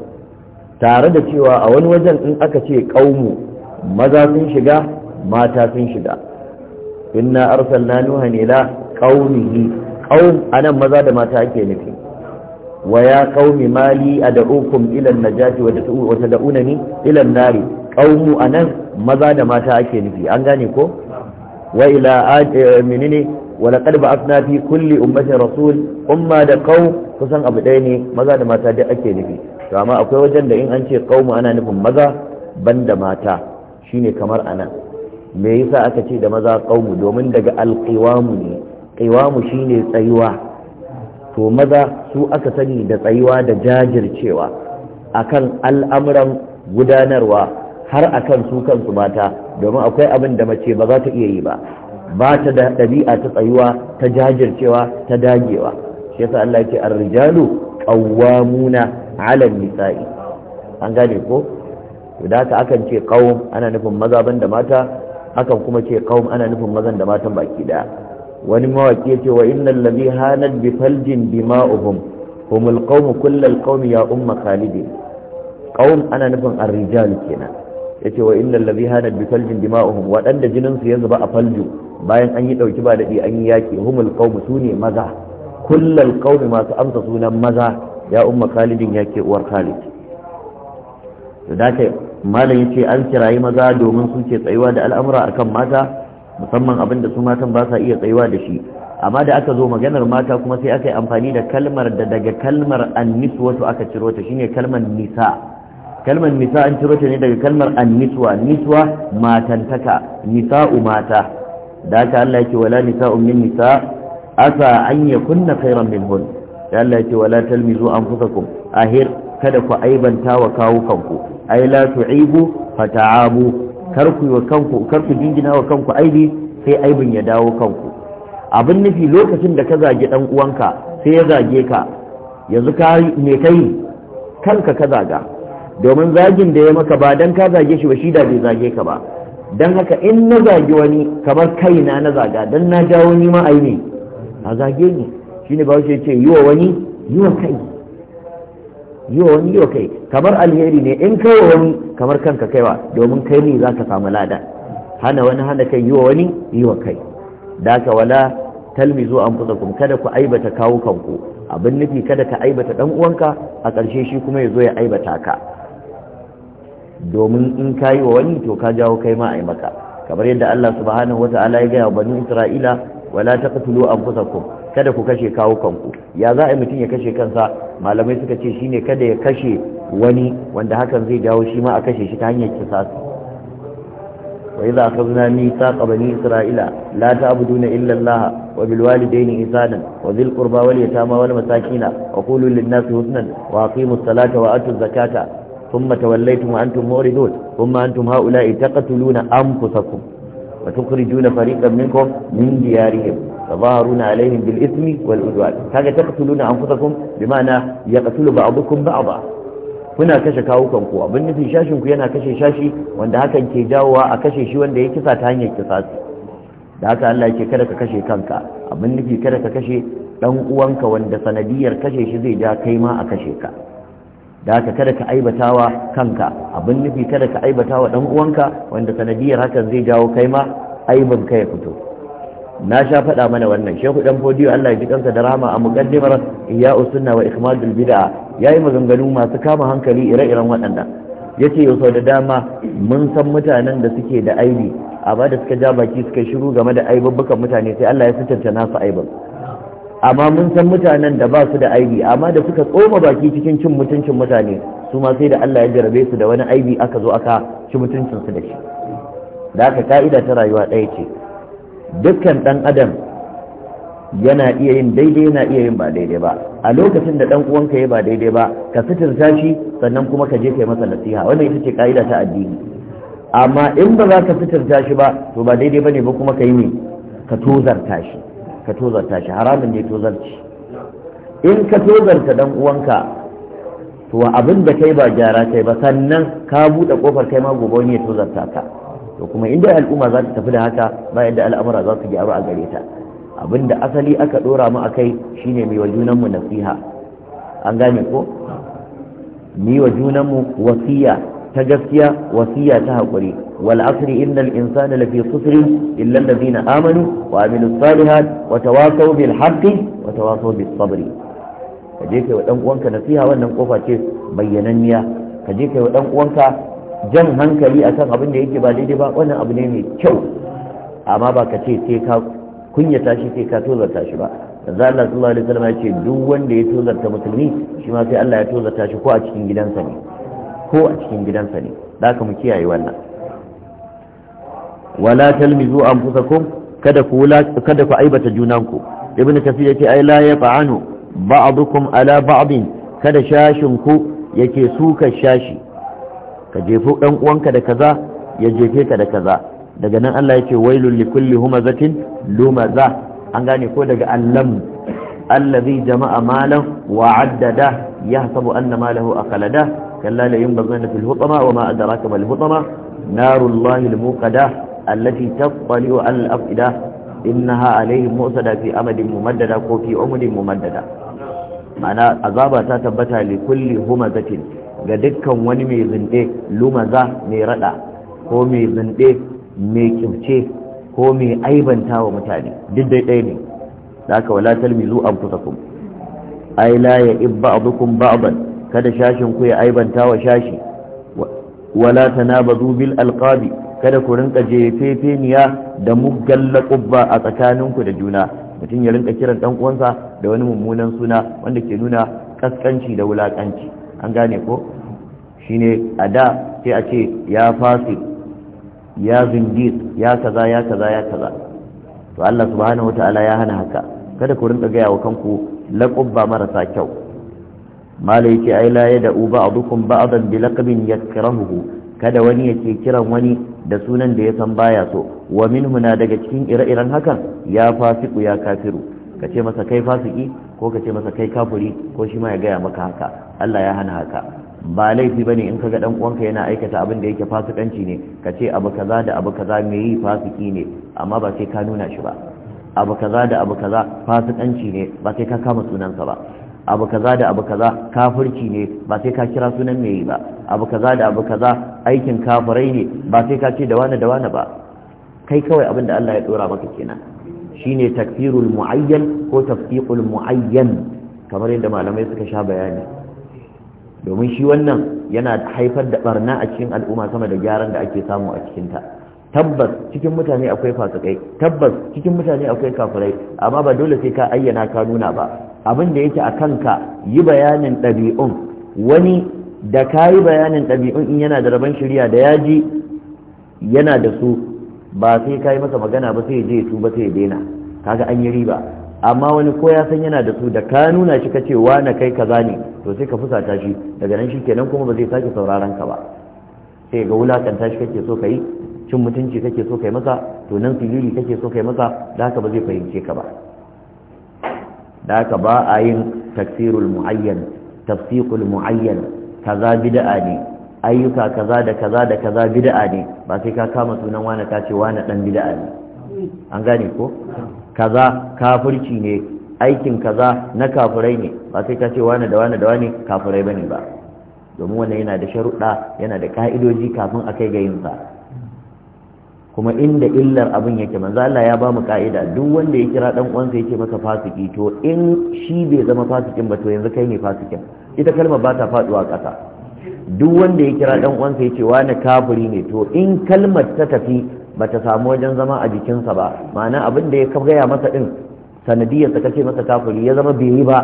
tare da cewa a wani wajen in aka ce qaumu maza sun shiga mata sun shiga inna arsalna nuha ila qaumihi qaum anan maza da mata ake nufi wa ya qaumi mali ad'ukum ila an-najati wa tad'unani ila an-nari qaumu anan maza da mata ake nufi an gane ko wa ila menene wala qad ba'athna fi kulli ummatin rasul umma da qaum kusan abu ɗaya ne maza da mata duk ake nufi to amma akwai wajen da in an ce kaumu ana nufin maza banda mata shine kamar anan me yasa aka ce da maza qaumu domin daga alqiwamu ne qiwamu shine tsayuwa to maza su aka sani da tsayuwa da jajircewa akan al'amuran gudanarwa har akan su kansu mata domin akwai abin da mace ba za ta iya yi ba ba ta da ɗabi'a ta tsayuwa ta jajircewa ta dagewa shi yasa Allah ya ce ar-rijalu qawwamuna 'ala nisa'i an gane ko to da akan ce qawm ana nufin maza banda mata akan kuma ce qawm ana nufin mazan da matan baki daya wani mawaki yace wa innal ladhi hanat bi faljin dima'uhum humul qawmu kullal qawmi ya umma khalidin qawm ana nufin ar-rijalu kenan yace wa innal ladhi hana bi faljin dima'uhum waɗanda jinin su ya zuba a falju bayan an yi ɗauki ba daɗi an yi yaki humul su ne maza kullal qawm masu amsa sunan maza ya umma khalidin yake uwar khalid da malam ce an kirayi maza domin su ke tsayuwa da al'amura akan mata musamman abin da su matan ba sa iya tsayuwa da shi amma da aka zo maganar mata kuma sai aka yi amfani da kalmar da daga kalmar annisu wasu aka ciro ta shine kalmar nisa kalmar nisa an ciro ta ne daga kalmar anniswa niswa matantaka nisa mata da haka Allah yake wala nisa min nisa asa an yakunna khairan hun da Allah yake wala talmizu anfusakum ahir kada ku aibanta wa kawo kanku ai la tu'ibu fata'abu kar ku wa kanku kar ku jingina wa kanku aibi sai aibin ya dawo kanku abin nufi lokacin da ka zage dan uwanka sai ya zage ka yanzu ka me kai kanka ka zaga domin zagin da ya maka ba don ka zage shi ba shi da bai zage ka ba Don haka in na zagi wani kamar kaina na zaga don na jawo ni ma ne a zage ni ne ba shi ce yi wa wani yi wa kai yi wa wani yi wa kai kamar alheri ne in kai wa wani kamar kanka kaiwa domin kai ne za ka samu lada hana wani hana kai yi wa wani yi wa kai da ka wala talmizu an fusa kuma kada ku aibata kawo kanku abin nufi kada ka aibata dan uwanka a ƙarshe shi kuma ya zo ya aibata ka domin in ka yi wa wani to ka jawo kai ma a yi maka kamar yadda Allah subhanahu wa ta'ala ya gaya wa bani Isra'ila wala taqtulu anfusakum kada ku kashe kawo kanku ya za a mutum ya kashe kansa malamai suka ce shine kada ya kashe wani wanda hakan zai jawo shi ma a kashe shi ta hanyar kisasi wa idza akhadna mithaqa bani isra'ila la ta'buduna illa Allah wa bil walidayni ihsana wa dhil qurba wal yatama wal masakin wa qulu lin nasi husnan wa aqimus salata wa atuz zakata ثم توليتم وأنتم موردون ثم أنتم هؤلاء تقتلون أنفسكم وتخرجون فريقا منكم من ديارهم تظاهرون عليهم بالإثم والعدوان هذا تقتلون أنفسكم بمعنى يقتل بعضكم بعضا kuna kashe kawukan ku abin nufin shashin ku yana kashe shashi wanda hakan ke jawowa a kashe shi wanda ya kisa ta hanyar kisa da haka Allah yake kada ka kashe kanka abin nufi kada ka kashe dan uwanka wanda sanadiyar kashe shi zai ja kai ma a kashe ka da haka kada ka aibatawa kanka abin nufi kada ka aibatawa dan uwanka wanda sanadiyar hakan zai jawo kai ma aibin ka ya fito na sha faɗa mana wannan shehu dan fodiyo Allah ya ji kansa da rama a muqaddimar iya usunna wa ikmadul bid'a yayi maganganu masu kama hankali ire-iren waɗannan yace yau sau da dama mun san mutanen da suke da aibi amma da suka ja baki suka shiru game da aibubbukan mutane sai Allah ya fitanta nasu aibin amma mun san mutanen da ba su da aibi amma da suka tsoma baki cikin cin mutuncin mutane su ma sai da Allah ya jarabe su da wani aibi aka zo aka ci mutuncin su da shi da aka ka'ida ta rayuwa ɗaya ce dukkan ɗan adam yana iya yin daidai yana iya yin ba daidai ba a lokacin da ɗan uwanka ya ba daidai ba ka suturta shi sannan kuma ka je kai masa nasiha wannan ita ce ka'ida ta addini amma in ba za ka suturta shi ba to ba daidai ba ne ba kuma ka yi ne ka tozarta shi ka tozarta shi haramun ne tozarci in ka tozarta dan uwanka to abin da kai ba gyara kai ba sannan ka buɗe kofar kai ma gobe ne ya tozarta ka to kuma inda al'umma za ta tafi da haka bayan da al'amura za su gyaru a gare ta abin da asali aka ɗora mu a kai shine mai wa junanmu nasiha an gane ko ni wa junanmu wasiya ta gaskiya wasiya ta haƙuri wal asri innal insana lafi khusrin illa allazina amanu wa amilus salihat wa tawasaw bil haqqi wa tawasaw bis sabr kaje kai wa dan uwanka nasiha wannan kofa ce bayyananniya kaje kai wa dan uwanka jan hankali akan abin da yake ba daidai ba wannan abu ne mai kyau amma ba ka ce sai ka kunyata shi sai ka tozarta shi ba yanzu Allah sallallahu alaihi wasallam ya ce duk wanda ya tozarta musulmi shi ma sai Allah ya tozarta shi ko a cikin gidansa ne ko a cikin gidansa ne da aka mu kiyaye wannan wala talmizu anfusakum kada ku kada ku aibata junanku ibnu kasir yace ai la yaf'anu ba'dukum ala ba'din kada shashin ku yake suka shashi ka jefo dan uwanka da kaza ya jefe ka da kaza daga nan Allah yake wailul likulli humazatin lumaza an gane ko daga allam allazi jama'a malan wa addada yahsabu anna malahu aqalada kalla la yunbazana fil hutama wa ma adraka bil hutama narullahi almuqada allati tatlu al afida innaha alayhim mu'sada fi amadin mumaddada ko fi umudin mumaddada mana azaba ta tabbata li kulli humazatin ga dukkan wani mai zinde lumaza mai raɗa, ko mai zinde mai kyauce ko mai aibanta wa mutane duk dai ne haka wala talmizu anfusakum ai la ya ibba ba'dan kada shashin ku ya aibanta wa shashi wala tanabazu bil alqabi kada ku rinka jefefeniya da muggan laqabba a tsakaninku da juna mutum ya rinka kiran dan uwansa da wani mummunan suna wanda ke nuna kaskanci da wulakanci an gane ko shine a da sai a ce ya fasi ya zindid ya kaza ya kaza ya kaza to Allah subhanahu wataala ya hana haka kada ku rinka gaya yawo kanku ba marasa kyau mala yake ai la ya da'u ba'dukum ba'dan bi laqabin yakrahu kada wani yake kiran wani da sunan da ya san baya so wa minhu na daga cikin ire-iren hakan ya fasiku ya kafiru ka ce masa kai fasiki ko ka ce masa kai kafuri ko shi ma ya gaya maka haka Allah ya hana haka ba laifi bane in kaga dan uwanka yana aikata abin da yake fasikanci ne ka ce abu kaza da abu kaza me yi fasiki ne amma ba sai ka nuna shi ba abu kaza da abu kaza fasikanci ne ba sai ka kama sunansa ba abu kaza da abu kaza kafirci ne ba sai ka kira sunan me yi ba abu kaza da abu kaza aikin kafirai ne ba sai ka ce da wani da wani ba kai kawai abin da Allah ya dora maka kenan shine takfirul muayyan ko tafsiqul muayyan kamar yadda malamai suka sha bayani domin shi wannan yana haifar da barna a cikin al'umma sama da gyaran da ake samu a cikinta tabbas cikin mutane akwai fasikai tabbas cikin mutane akwai kafirai amma ba dole sai ka ayyana ka nuna ba abin da yake a ka yi bayanin ɗabi'un wani da ka bayanin ɗabi'un in yana da rabon shirya da yaji yana da su ba sai ka masa magana ba sai ya je ya tuba sai ya daina kaga an yi riba amma wani ko ya san yana da su da ka nuna shi ka ce na kai kaza ne to sai ka fusata shi daga nan shi kenan kuma ba zai sake sauraron ka ba sai ga wulakanta shi kake so ka yi cin mutunci kake so kai masa to nan filili kake so kai masa da haka ba zai fahimce ka ba da haka ba a yin tafsirul muayyan tafsiqul muayyan kaza bid'a ne ayyuka kaza da kaza da kaza bid'a ne ba sai ka kama sunan wani ka ce wani dan bid'a ne an gane ko kaza kafirci ne aikin kaza na kafirai ne ba sai ka ce wani da wani da wani kafirai bane ba domin wannan yana da sharuɗa yana da ka'idoji kafin a kai ga yin sa kuma inda illar abin yake manzo Allah ya ba mu ka'ida duk wanda ya kira dan uwansa yake masa fasiki to in shi bai zama fasikin ba to yanzu kai ne fasikin ita kalmar ba ta faduwa ƙasa duk wanda ya kira dan uwansa yake wani kafiri ne to in kalmar ta tafi bata samu wajen zama a jikinsa ba ma'ana abin da ya gaya masa din sanadiyyarsa kace masa kafuri ya zama bai yi ba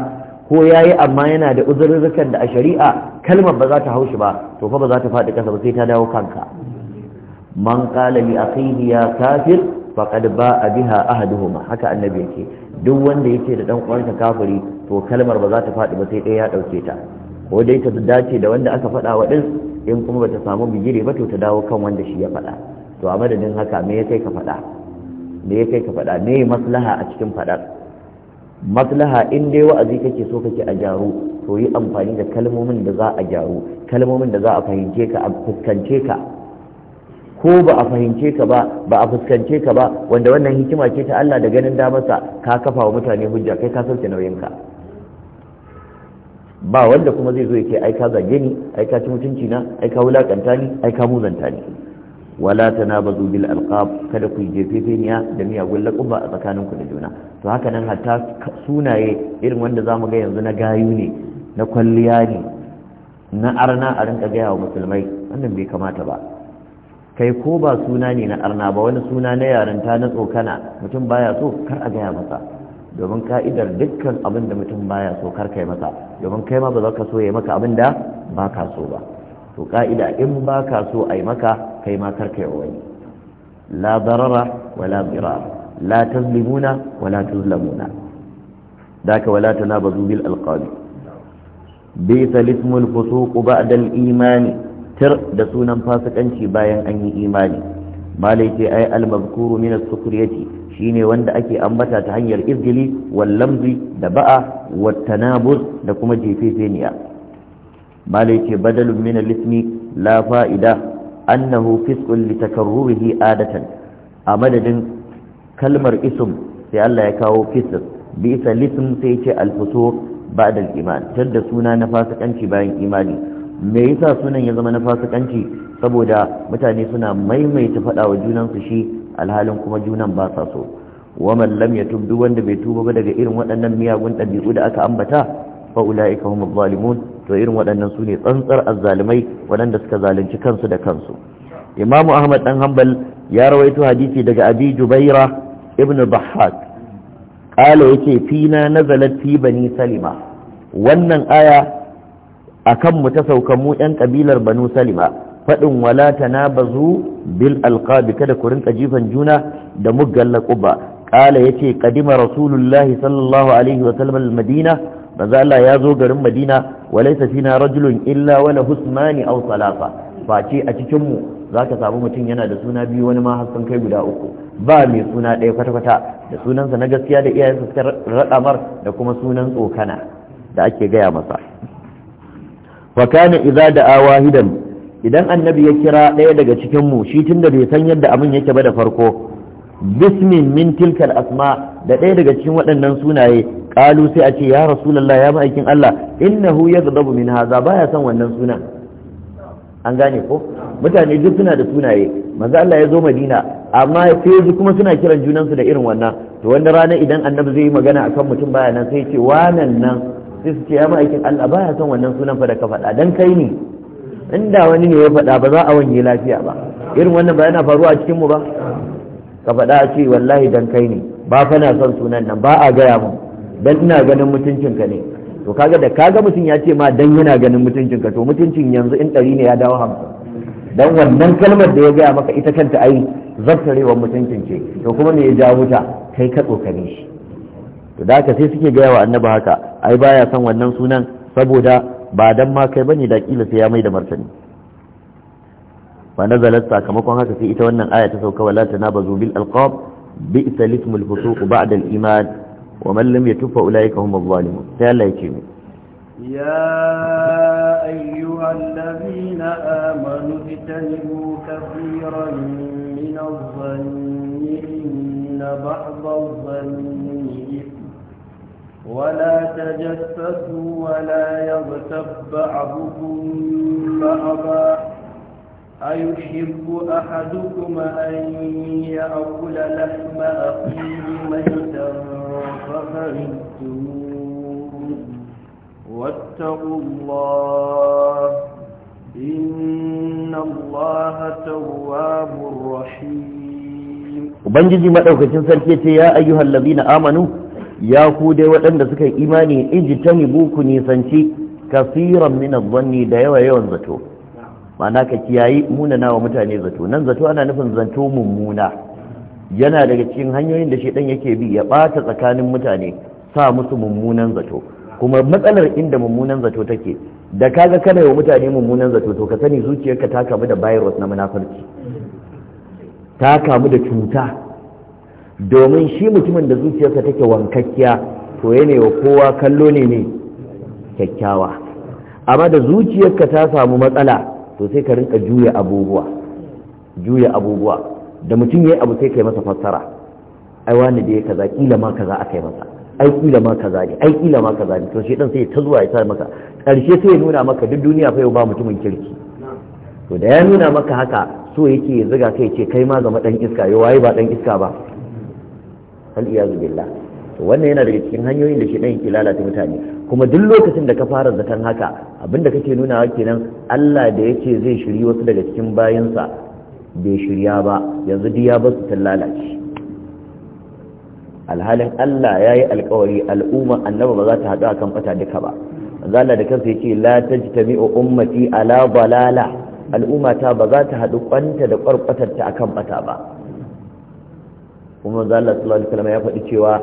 ko ya yi amma yana da uzurrukan da a shari'a kalmar ba za ta haushi ba to fa ba za ta faɗi ƙasa ba sai ta dawo kanka man qala li akhihi ya kafir faqad ba'a biha ahaduhuma haka annabi yake duk wanda yake da dan uwansa kafiri to kalmar ba za ta faɗi ba sai ɗaya ya ɗauke ta ko dai ta dace da wanda aka faɗa wa ɗin in kuma ba ta samu bigire ba to ta dawo kan wanda shi ya faɗa to a madadin haka me ya kai ka faɗa me ya kai ka faɗa me maslaha a cikin faɗar maslaha in dai wa'azi kake so kake a gyaru to yi amfani da kalmomin da za a gyaru kalmomin da za a fahimce ka a fuskance ka ko ba a fahimce ka ba ba a fuskance ka ba wanda wannan hikima ce ta Allah da ganin masa ka kafa wa mutane hujja kai ka sauke nauyin ka. ba wanda kuma zai zo ya ce ai ka zage ni ai ka ci mutunci na ai ka wulakanta ni ai ka muzanta ni wala tanabazu bil alqab kada ku jefefeniya da miyagun laquba a tsakaninku da juna to haka nan hatta sunaye irin wanda zamu ga yanzu na gayu ne na kwalliya ne na arna a rinka gaya wa musulmai wannan bai kamata ba kai ko ba suna ne na arna ba wani suna na ta na tsokana mutum baya so kar a gaya masa domin ka'idar dukkan abinda mutum baya so kar kai masa domin kai ma ba za ka so ya maka abin da ba ka so ba to ka'ida in ba ka so a yi maka kai ma karkai wa wani la wala bira. la birar wala tazlimuna Da ka wala daka wa la alƙali. bil alqabi bi ku ba ba'da al imani tir da sunan fasikanci bayan an yi imani malai ce ai al min as sukriyati shine wanda ake ambata ta hanyar izgili wal lamzi da ba'a wat tanabuz da kuma jefefeniya malai ce badalun mina lismi la fa'ida annahu fiskun li adatan a madadin kalmar isum sai Allah ya kawo fisq bi isa lism sai ce alfuso ba da iman iman da suna na fasikanci bayan imani me yasa sunan ya zama na fasikanci saboda mutane suna maimaita faɗa wa junansu shi alhalin kuma junan ba sa so wa man lam yatub duk wanda bai tuba ba daga irin waɗannan miyagun ɗabi'u da aka ambata fa'ula'ika humul zalimun to irin waɗannan su ne tsantsar azzalimai waɗanda suka zalunci kansu da kansu imamu ahmad ɗan hanbal ya rawaito hadisi daga abi jubaira ibn bahak qala yake fina na fi bani salima wannan aya akan mu ta sauka mu yan kabilar banu salima Faɗin wala tanabazu bil alƙabi. kada ku rinka jifan juna da muggan ƙala ya yace ƙadima rasulullahi sallallahu alaihi wa sallam al madina manzo Allah ya zo garin Madina walaysa fina rajulun illa wala husmani aw salasa face a cikin mu zaka samu mutum yana da suna biyu wani ma hasan kai guda uku ba mai suna ɗaya kwata kwata da sunansa na gaskiya da iyayensa suka rada mar da kuma sunan tsokana da ake gaya masa wa kana idza da'a wahidan idan annabi ya kira ɗaya daga cikin mu shi tunda bai san yadda abin yake ba da farko bismin min tilkal asma da ɗaya daga cikin waɗannan sunaye kalu sai a ce ya rasulallah ya ma'aikin Allah innahu yaghdabu min hadha baya san wannan sunan an gane ko mutane duk suna da sunaye manzo Allah ya zo Madina amma sai kuma suna kiran junansu da irin wannan to wani rana idan annabi zai yi magana akan mutum baya nan sai ce wannan nan sai su ce ya ma'aikin Allah baya son wannan sunan fa da ka faɗa dan kai ne inda wani ne ya faɗa ba za a wanye lafiya ba irin wannan ba yana faruwa a cikin mu ba ka faɗa a ce wallahi dan kai ne ba fa na son sunan nan ba a gaya mun dan ina ganin mutuncinka ne to kaga da kaga mutum ya ce ma dan yana ganin ka to mutuncin yanzu in ɗari ne ya dawo hamsin dan wannan kalmar da ya gaya maka ita kanta ai zartarewar mutuncin ce to kuma ne ya jawo ta kai ka tsokane shi to da haka sai suke gaya wa annabi haka ai baya son wannan sunan saboda ba dan ma kai bane da kila sai ya mai da martani fa nazalat sakamakon haka sai ita wannan aya ta sauka wala tanabazu bil alqab bi'sa lismul fusuq ba'da al iman wa mallin ya tufa ula yake hun babuwa limu ta yalla ya ya ayyuwan labi na amanu fita nemo kafiran minan zanirin na ba'azan zanirin wala ta jasasu wala ya zataba abubuwan ba'aba ayyushibu a hadu kuma an yi ya akula lafi ma'afi mai damar ففرجتموه واتقوا الله إن الله تواب رحيم sarki ce ya ayyuhal na amanu ya ku dai waɗanda suka yi imani ni buku nisanci kasiran min adh da yawa yawan zato ma'ana ka kiyayi munana wa mutane zato nan zato ana nufin zato mummuna yana daga cikin hanyoyin da shaidan yake bi ya bata tsakanin mutane sa musu mummunan zato kuma matsalar inda mummunan zato take da kaga kana wa mutane mummunan zato to ka sani zuciyarka ta kamu da virus na munafarci ta kamu da cuta domin shi mutumin da zuciyarka take wankakkiya to yana wa kowa kallo ne ne kyakkyawa amma da zuciyarka ta samu matsala to sai ka rinka juya juya abubuwa da mutum ya yi abu sai kai masa fassara ai wani da ya kaza kila ma kaza aka yi masa ai kila ma kaza ne ai kila ma kaza ne to shi dan sai ta zuwa ya sa maka karshe sai ya nuna maka duk duniya fa yau ba mutumin kirki to da ya nuna maka haka so yake ya zuga kai ce kai ma ga dan iska yau waye ba dan iska ba hal iyazu billah to wannan yana daga cikin hanyoyin da shi dan yake lalata mutane kuma duk lokacin da ka fara zaton haka abinda kake nunawa kenan Allah da yake zai shiri wasu daga cikin bayansa bai shirya ba yanzu duk ya su ta lalace alhalin Allah ya yi alkawari al'umma annaba ba za ta haɗu kan fata duka ba zalla da kansa yake la tajtami'u ummati ala balala ta ba za ta haɗu kwanta da kwarkwatar ta akan fata ba kuma zalla sallallahu alaihi wasallam ya faɗi cewa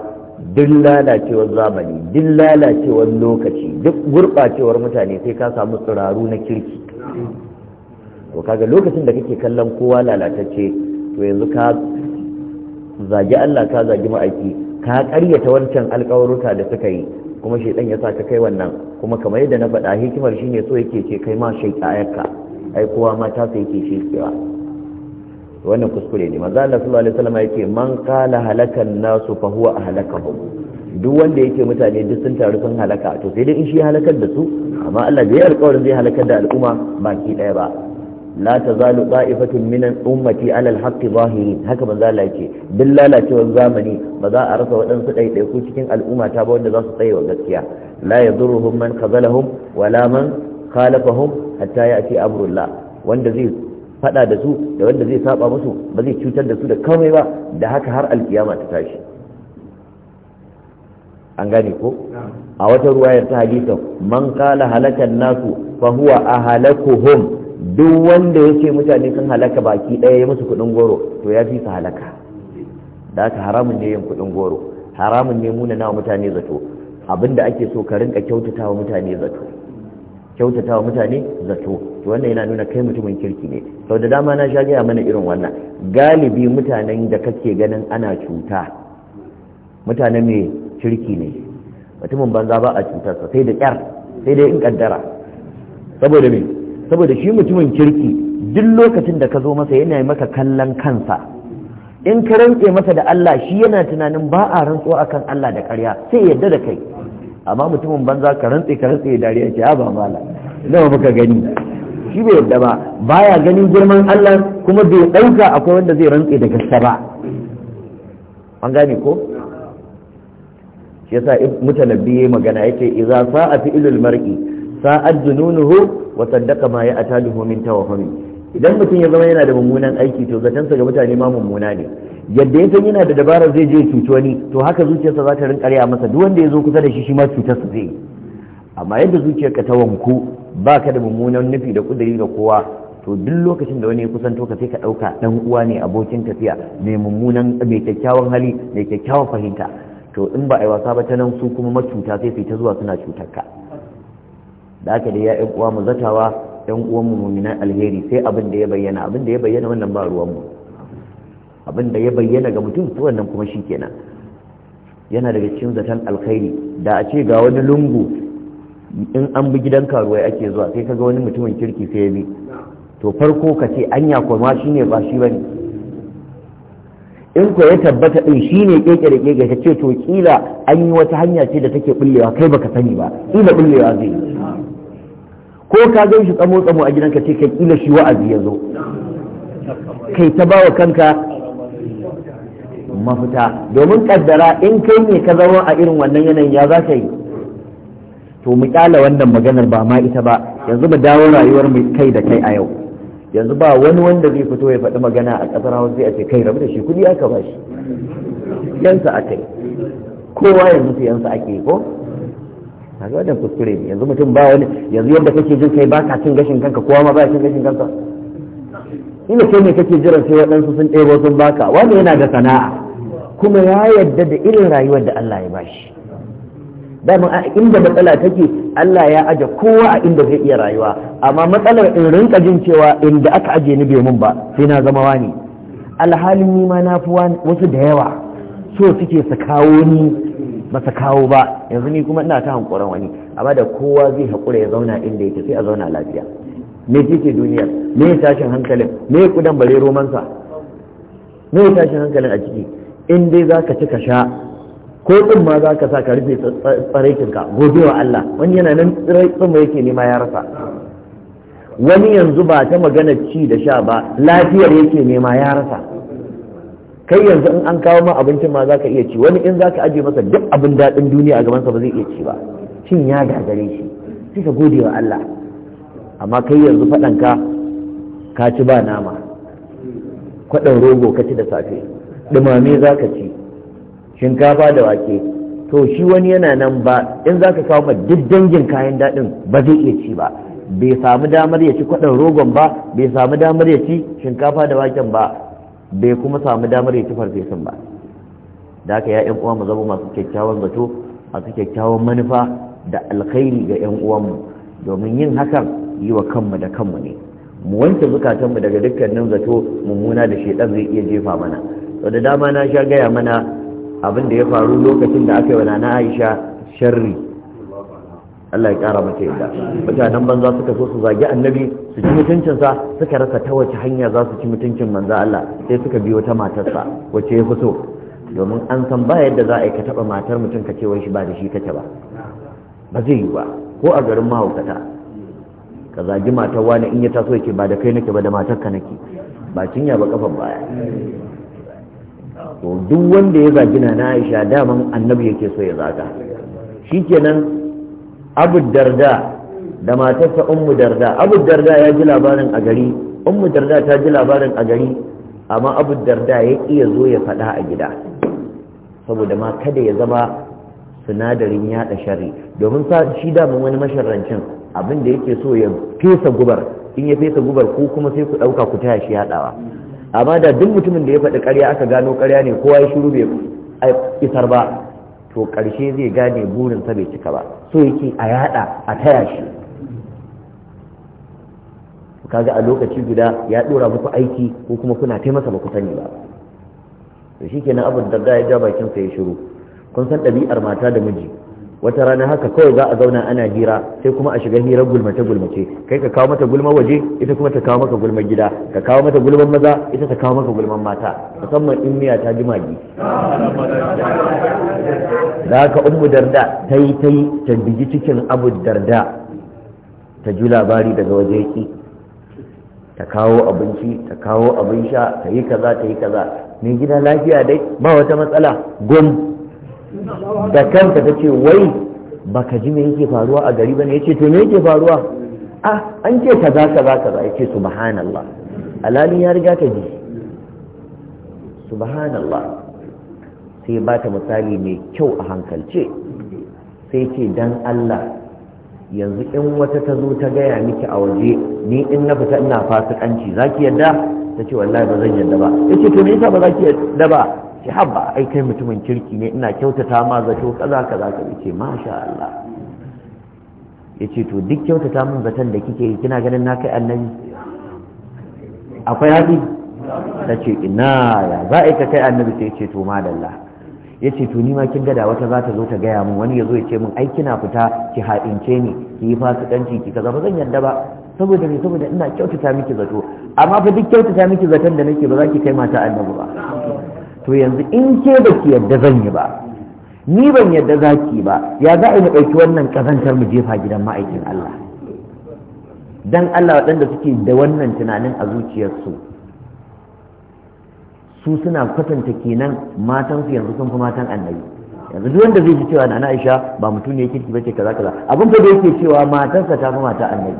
duk lalacewar zamani duk lalacewar lokaci duk gurɓacewar mutane sai ka samu tsiraru na kirki to kaga lokacin da kake kallon kowa lalatacce to yanzu ka zagi Allah ka zagi ma'aiki ka karyata wancan alƙawarruka da suka yi kuma shaidan ya saka kai wannan kuma kamar yadda na faɗa hikimar shine so yake ce kai ma shaitayarka ai kowa ma ta sai yake cewa wannan kuskure ne manzo Allah sallallahu alaihi wasallam yake man qala halakan nasu fa huwa ahlakahum duk wanda yake mutane duk sun taru sun halaka to sai dai in shi halakar da su amma Allah bai alƙawarin zai halakar da al'umma baki ɗaya ba la tazalu qa'ifatun min ummati alal al-haqqi haka manzo Allah yake lalacewar zamani ba za a rasa waɗansu ɗaiɗaiku cikin al'umma ta ba wanda za su tsaye wa gaskiya la yadurruhum man khazalahum wala man khalafahum hatta ya'ti amrullah wanda zai fada da su da wanda zai saba musu ba zai cutar da su da komai ba da haka har alkiyama ta tashi an gane ko a wata ruwayar ta hadisa man qala nasu fahuwa huwa ahlakuhum duk wanda ya ce mutane sun halaka baki ɗaya ya musu kuɗin goro to ya fi su halaka da aka haramun ne yin kuɗin goro haramun ne muna nawa mutane zato abinda ake so ka rinka kyautata wa mutane zato kyautata mutane zato to wannan yana nuna kai mutumin kirki ne sau da dama na sha gaya mana irin wannan galibi mutanen da kake ganin ana cuta mutane mai kirki ne mutumin banza ba a cutarsa sai da kyar sai da in kaddara saboda me saboda shi mutumin kirki duk lokacin da ka zo masa yana maka kallon kansa in ka rantse masa da Allah shi yana tunanin ba a rantsuwa akan Allah da ƙarya sai yadda da kai amma mutumin banza ka rantse ka rantse dariya ce ba mala nawa muka gani shi bai yadda ba baya ganin girman Allah kuma bai ɗauka akwai wanda zai rantse da gaske ba an gane ko shi yasa mutanabbi magana yace idza sa'a fi mar'i sa'ad dununuhu wa saddaqa ma ya min tawahumi idan mutum ya zama yana da mummunan aiki to sa ga mutane ma mummuna ne yadda ya san yana da dabarar zai je cuci wani to haka zuciyarsa za ta rinka riya masa duk wanda ya zo kusa da shi shi ma cutarsa zai yi amma yadda zuciyarka ta wanku ba ka da mummunan nufi da kudiri ga kowa to duk lokacin da wani ya kusanto ka sai ka ɗauka ɗan uwa ne abokin tafiya mai mummunan mai kyakkyawan hali mai kyakkyawan fahimta to in ba a yi wasa ba ta nan su kuma macuta sai fita zuwa suna cutar ka da aka da ya yan uwa mu zatawa yan uwan mu mummunan alheri sai abin da ya bayyana abin da ya bayyana wannan ba ruwan mu abin da ya bayyana ga mutum to wannan kuma shikenan yana daga cikin zaton alkhairi da a ce ga wani lungu in an bi gidan karuwai ake zuwa sai kaga wani mutumin kirki sai ya bi to farko ka ce anya kuma shine ba shi bane in ko ya tabbata din shine keke da keke ka ce to kila an yi wata hanya ce da take bullewa kai baka sani ba kila bullewa zai yi. ko ka gan shi tsamo tsamo a gidanka ce kai kila shi wa'azi ya zo kai ta bawa kanka mafita domin kaddara in kai ne ka zama a irin wannan yanayin ya za ka yi to mu kyala wannan maganar ba ma ita ba yanzu mu dawo rayuwar mu kai da kai a yau yanzu ba wani wanda zai fito ya faɗi magana a ƙasar hausa sai a ce kai rabu da shi kuɗi aka ba shi yansa a kai kowa yanzu su yansa ake ko kaga wannan kuskure ne yanzu mutum ba wani yanzu yadda kake jin kai ba ka cin gashin kanka kowa ma ba cin gashin kanka ina ce ne kake jiran sai waɗansu sun ɗebo sun baka wani yana da sana'a kuma ya yadda da irin rayuwar da Allah ya bashi dama a inda matsala take Allah ya aje kowa a inda zai iya rayuwa amma matsalar in rinka jin cewa inda aka aje ni bai mun ba sai na zama wani alhalin ni ma na fi wasu da yawa so suke su kawo ni ba kawo ba yanzu ni kuma ina ta hankuran wani amma da kowa zai haƙura ya zauna inda yake sai a zauna lafiya me kike duniya me tashin hankalin me kudan bare romansa me tashin hankalin a ciki in dai za ka ci ka sha ko ɗin ma za ka sa ka rufe tsarekin ka, gobe wa Allah wani yana nan tsirrai mai yake nema ya rasa wani yanzu ba ta magana ci da sha ba lafiyar yake nema ya rasa kai yanzu in an kawo ma abincin ma zaka iya ci wani in zaka aje masa duk abin daɗin duniya a gabansa ba zai iya ci ba cin ya gagare shi sai ka gode wa Allah amma kai yanzu faɗanka ka ci ba nama kwaɗan rogo ka ci da safe ɗumame za ka ci shinkafa da wake to shi wani yana nan ba in za ka kawo ma duk dangin kayan daɗin ba zai iya ci ba bai samu damar ya ci kwaɗan rogon ba bai samu damar ya ci shinkafa da waken ba bai kuma samu damar ya ci farfesun ba da aka ya uwa mu zama masu kyakkyawan zato masu kyakkyawan manufa da alkhairi ga uwanmu domin yin hakan yi wa kanmu da kanmu ne mu wanke zukatanmu daga dukkanin zato mummuna da shaidan zai iya jefa mana sau da dama na sha gaya mana abin da ya faru lokacin da aka yi wa na aisha sharri Allah ya ƙara mata yadda mutanen banza suka so su zagi annabi su ci mutuncinsa suka rasa ta wace hanya za su ci mutuncin manza Allah sai suka bi wata matarsa wace ya fito domin an san ba yadda za a yi ka taɓa matar mutum ka ce wai shi ba da shi kake ba ba zai yi ba ko a garin mahaukata ka zagi matar wani in ya taso yake ba da kai nake ba da matar ka nake ba cinya ba kafan baya to duk wanda ya zagi na Aisha daman annabi yake so ya zaga kenan. abu darda da matarsa ummu darda abu darda ya ji labarin a gari ummu darda ta ji labarin a gari amma abu darda ya iya zo ya faɗa a gida saboda ma kada ya zama sinadarin yaɗa shari domin shi damun wani masharrancin abin da yake so ya fesa gubar in ya fesa gubar ko kuma sai ku ɗauka ku taya shi yaɗawa amma da duk mutumin da ya faɗi ƙarya aka gano ƙarya ne kowa ya shiru bai isar ba to ƙarshe zai gane burinsa bai cika ba so yake a yaɗa a taya shi kaga a lokaci guda ya dora muku aiki ko kuma kuna taimaka ba ku sani ba to shikenan abin da ya ja bakin sa ya shiru kun san ɗabi'ar mata da miji wata rana haka kawai za a zauna ana hira sai kuma a shiga hirar gulmace gulmace kai ka kawo mata gulman waje ita kuma ta kawo maka gulman gida ka kawo mata gulman maza ita ta kawo maka gulman mata musamman in miya ta ji magi da ka ummu darda ta yi ta yi ta cikin abu darda ta ji labari daga waje ki ta kawo abinci ta kawo abin sha ta yi kaza ta yi kaza mai gida lafiya dai ba wata matsala gom da kanta ta ce wai ba ka ji me yake faruwa a gari ba ne. Ya ce to me yake faruwa ah an ce ka za ya ce subhanallah alalin ya riga ka ji subhanallah sai ba ta misali mai kyau a hankalce sai ce dan Allah yanzu in wata ta zo ta gaya miki a waje ni in na fita ina fasikanci zaki yadda ta ce wallahi ba zan yadda ba ce to me yasa ba zaki yadda ba ki habba ai kai mutumin kirki ne ina kyautata ma zato kaza kaza ka ce masha Allah yace to duk kyautata min zaton da kike yi kina ganin na kai annabi akwai haɗi ta ce ina ya za a yi ka kai annabi sai ce to madalla ya ce to nima kin gada wata za ta zo ta gaya min wani ya zo ya ce min ai kina fita ki haɗince ni ki yi fasikanci ki kaza ba zan yarda ba saboda me saboda ina kyautata miki zato amma fa duk kyautata miki zaton da nake ba za ki kai mata annabi ba to yanzu in ke ba ki yadda zan yi ba ni ban yadda za ki ba ya za a yi ɗauki wannan ƙazantar mu jefa gidan ma'aikin Allah dan Allah waɗanda suke da wannan tunanin a zuciyarsu su suna kwatanta kenan matansu yanzu sun fi matan annabi yanzu duk wanda zai ji cewa na Aisha ba mutum ne kirki bace kaza kaza abin da yake cewa matarsa ta fi mata annabi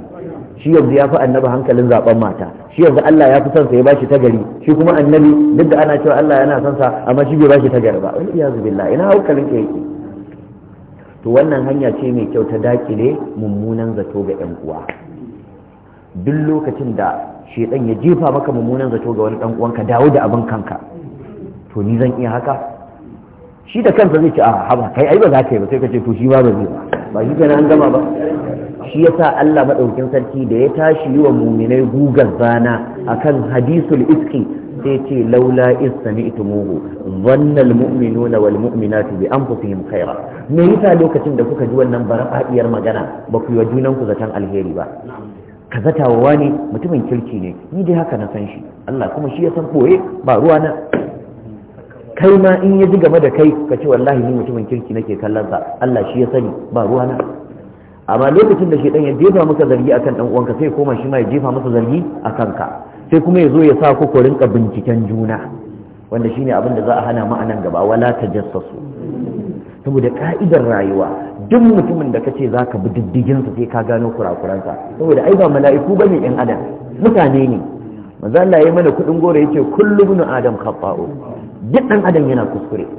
shi yanzu ya fi annabi hankalin zaben mata shi yanzu Allah ya fi son sa ya bashi ta gari shi kuma annabi duk da ana cewa Allah yana son sa amma shi bai bashi ta gari ba wal iyazu billah ina haukalin ke yake to wannan hanya ce mai kyau ta dakile mummunan zato ga yan uwa duk lokacin da shedan ya jefa maka mummunan zato ga wani dan uwanka dawo da abin kanka to ni zan iya haka shi da kansa zai ce a ah, haba kai ai ba za ka yi ba sai ka ce to shi ba ba zai ba ba shi kenan an gama ba shi yasa Allah madaukin sarki da ya tashi yi wa muminai gugar zana akan hadisul iski sai ce laula is sami'tumuhu dhanna almu'minuna wal mu'minatu bi anfusihim khaira me yasa lokacin da kuka ji wannan barafadiyar magana ba ku yi wa junan ku zaton alheri ba ka zata wa ne mutumin kirki ne ni dai haka na san shi Allah kuma shi ya san koye ba ruwa na kai ma in ya ji game da kai ka ce wallahi ni mutumin kirki nake kallon sa Allah shi ya sani ba ruwa na amma lokacin da shi ɗan ya jefa maka zargi akan dan uwanka sai koma shi ma ya jefa masa zargi akan ka sai kuma ya zo ya sa ku ku rinka binciken juna wanda shine abin da za a hana mu a nan gaba wala tajassasu saboda ka'idar rayuwa duk mutumin da kace zaka bi diddiginsa sai ka gano kurakuransa saboda ai ba mala'iku bane yan adam mutane ne manzo Allah ya mana kudin gore yace kullu adam khata'u duk dan adam yana kuskure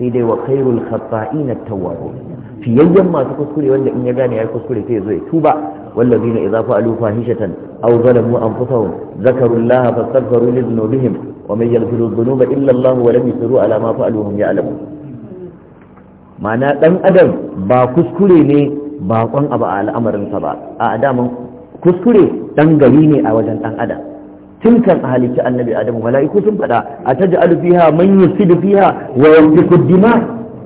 sai dai wa khairul khata'ina at-tawwabun fiyayyen masu kuskure wanda in ya gane ya kuskure sai ya zo ya tuba wallazina idza fa'alu fahishatan aw zalamu anfusahum zakaru allaha fastaghfiru li dhunubihim wa man yaghfiru dhunuba illa allah wa lam yusiru ala ma fa'alu hum ya'lamun ma'ana dan adam ba kuskure ne bakon abu a al'amarinsa ba a adaman kuskure dan gari ne a wajen dan adam tun kan halicci annabi adamu mala'iku sun faɗa a taji fiha man yusidu fiha wa yamtiku dima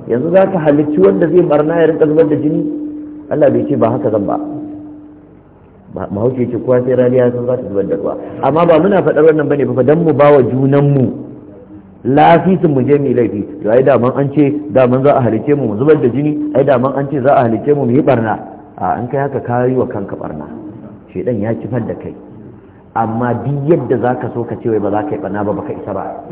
yanzu za ka halicci wanda zai barna ya rinka zubar da jini Allah bai ce ba haka zan ba hauke ce kowa sai rariya sun za ta zubar da ruwa amma ba muna faɗar wannan bane ba dan mu bawa junanmu lafisin mu je mu laifi to ai daman an ce daman za a halice mu mu zubar da jini ai daman an ce za a halice mu mu yi barna a an kai haka ka yi wa kanka barna shedan ya kifar da kai amma duk yadda ka so ka ce wai ba za ka yi barna ba baka isa ba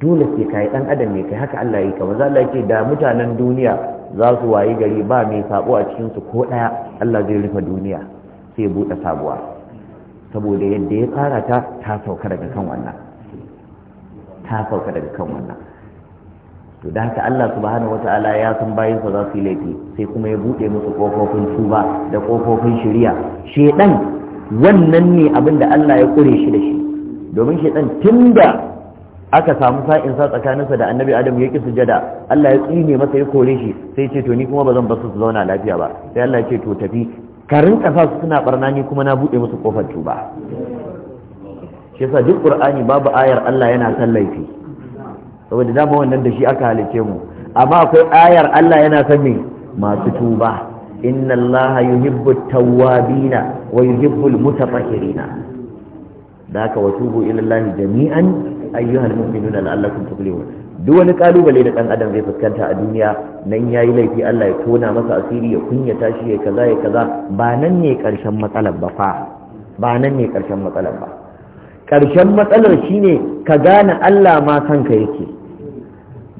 dole sai kai dan adam ne kai haka Allah yake maza Allah yake da mutanen duniya za su wayi gari ba mai sabo a cikin su ko daya Allah zai rufe duniya sai bude sabuwa saboda yadda ya fara ta ta sauka daga kan wannan ta sauka daga kan wannan to da haka Allah subhanahu wataala ya san bayin sa za su yi laifi sai kuma ya buɗe musu kofofin tuba da kofofin shari'a shedan wannan ne abinda Allah ya kure shi da shi domin shedan tunda aka samu sa'in sa tsakaninsa da annabi adam ya ki sujada Allah ya tsine masa ya kore shi sai ce to ni kuma ba zan basu su zauna lafiya ba sai Allah ya ce to tafi ka rinka su suna barna ni kuma na buɗe musu kofar tuba shi yasa duk qur'ani babu ayar Allah yana son laifi saboda dama wannan da shi aka halice mu amma akwai ayar Allah yana son me masu tuba inna Allah yuhibbu tawwabina wa yuhibbu al-mutatahhirina da haka wa tubu ila Allah jami'an ayyuhal mu'minuna la'allakum tuflihun duk wani kalubale da dan adam zai fuskanta a duniya nan yayi laifi Allah ya tona masa asiri ya kunya tashi ya kaza ya kaza ba nan ne karshen matsalar ba fa ba nan ne karshen matsalar ba karshen matsalar shine ka gane Allah ma kanka yake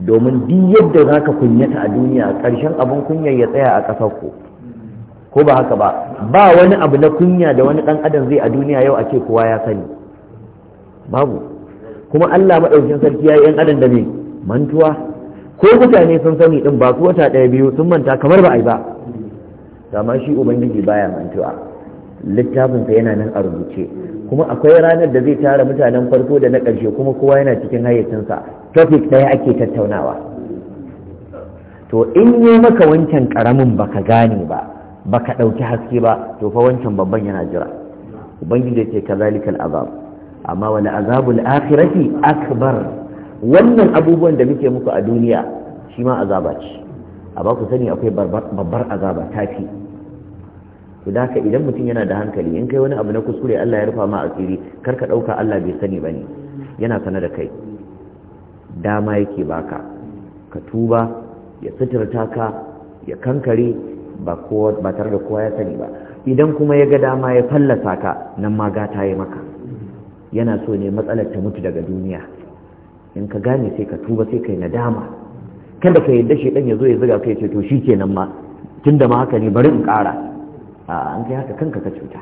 domin duk yadda zaka kunyata a duniya karshen abun kunyar ya tsaya a kasar ku ko ba haka ba ba wani abu na kunya da wani dan adam zai a duniya yau a ce kowa ya sani babu kuma Allah maɗaukin sarki yi yan adam da me mantuwa ko mutane sun sani ɗin ba su wata ɗaya biyu sun manta kamar ba yi ba amma shi ubangiji baya mantuwa littafinsa yana nan a rubuce kuma akwai ranar da zai tara mutanen farko da na ƙarshe kuma kowa yana cikin hayyacinsa topic ɗaya ake tattaunawa to in yi maka wancan ƙaramin baka gane ba baka ɗauki haske ba to fa wancan babban yana jira ubangiji ya ce kazalikal azab amma wani azabul akhirati akbar wannan abubuwan da muke muku a duniya shi ma azaba ce a ba ku sani akwai babbar azaba tafi ku da idan mutum yana da hankali in kai wani abu na kuskure Allah ya rufa ma asiri kar ka dauka Allah bai sani bane yana sana da kai dama yake baka ka tuba ya suturta ka ya kankare ba kowa ba tare da kowa ya sani ba idan kuma ya ga dama ya fallasa ka nan ma gata ya maka yana so ne matsalar ta mutu daga duniya in ka gane sai ka tuba sai kai nadama kada ka yadda shedan ya zo ya zuga kai ce to shikenan ma tunda ma haka ne bari in ƙara a an kai haka kanka ka cuta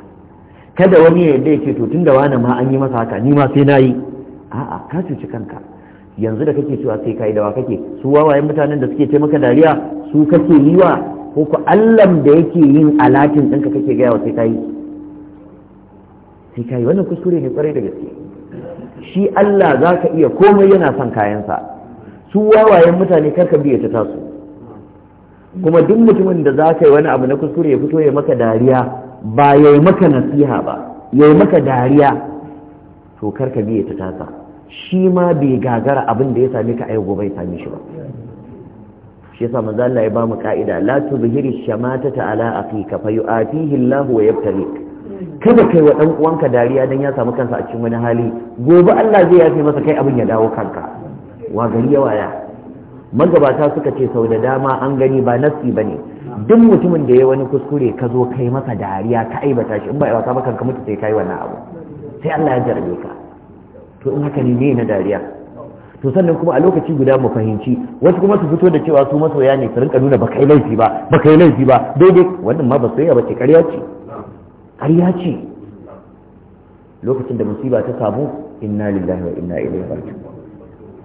kada wani ya yadda ya ce to tunda wani ma an yi masa haka ni ma sai nayi a'a ka cuci kanka yanzu da kake cewa sai kai wa kake su wawayen mutanen da suke ce maka dariya su kake yi wa ko ku allam da yake yin alatin ɗinka kake gaya wa sai kai sai kai wannan kuskure ne kwarai da gaske shi Allah za ka iya komai yana son kayansa su wawayen mutane karka biya ta tasu kuma duk mutumin da za ka yi wani abu na kuskure ya fito ya maka dariya ba ya yi maka nasiha ba ya yi maka dariya to karka biya ta tasa shi ma bai gagara abin da ya sami ka ayo gobe ya same shi ba shi yasa manzo Allah ya ba mu ka'ida la tuzhiri shamata ala aqika fa yu'atihi Allahu wa yabtalik kada kai wa dan uwanka dariya dan ya samu kansa a cikin wani hali gobe Allah zai yafe masa kai abin ya dawo kanka wa gari ya waya magabata suka ce sau da dama an gani ba nasi bane duk mutumin da ya wani kuskure ka zo kai masa dariya ka aibata shi in ba wasa ba kanka mutu sai kai wannan abu sai Allah ya jarabe ka to in haka ne ne na dariya to sannan kuma a lokaci guda mu fahimci wasu kuma su fito da cewa su masoya ne su rinka nuna ba yi laifi ba ba yi laifi ba daidai wannan ma ba soyayya ba ce ƙarya ce ƙarya ce lokacin da musiba ta samu inna lillahi wa inna ilaihi raji'un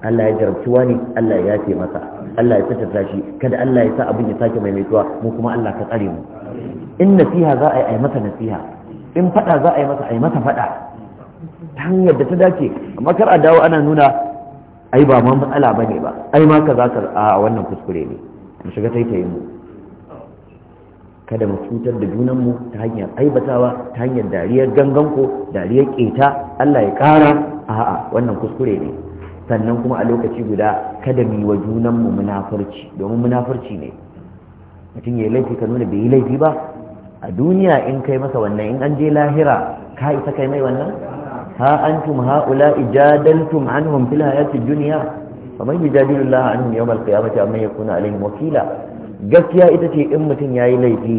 Allah ya jarabci wani Allah ya yafe masa Allah ya tattata shi kada Allah ya sa abin ya sake maimaituwa mu kuma Allah ka tsare mu in nasiha za a yi masa nasiha in fada za a yi masa a masa fada ta hanyar da ta dace amma kar a dawo ana nuna ai ba ma matsala bane ba ai ma za ka a wannan kuskure ne mu shiga taitayin mu kada mu cutar da junanmu ta hanyar aibatawa ta hanyar dariyar ganganko dariyar keta Allah ya kara a'a wannan kuskure ne sannan kuma a lokaci guda kada mu yi wa junanmu munafurci domin munafurci ne mutum ya laifi ka nuna bai yi laifi ba a duniya in kai masa wannan in an je lahira ka isa kai mai wannan ha antum haula ijadaltum anhum fil hayati dunya man yujadilu Allah anhum yawm al-qiyamati amman yakuna alaihim wakila gaskiya ita ce in mutum ya yi laifi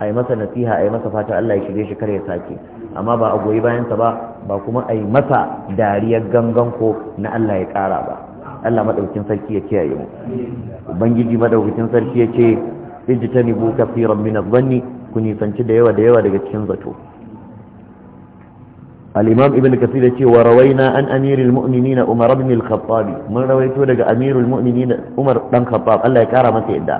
a yi masa nasiha a yi masa fata Allah ya shirye shi kar ya sake amma ba a goyi bayansa ba ba kuma a yi masa dariyar gangan ko na Allah ya kara ba Allah madaukin sarki ya kiyaye mu ubangiji madaukin sarki ya ce ijtanibu kafiran min adh-dhanni ku nisanci da yawa da yawa daga cikin zato al-imam ibn kasir yace wa rawaina an amiril mu'minin umar mun rawaito daga amirul mu'minin umar dan khattab Allah ya kara masa yadda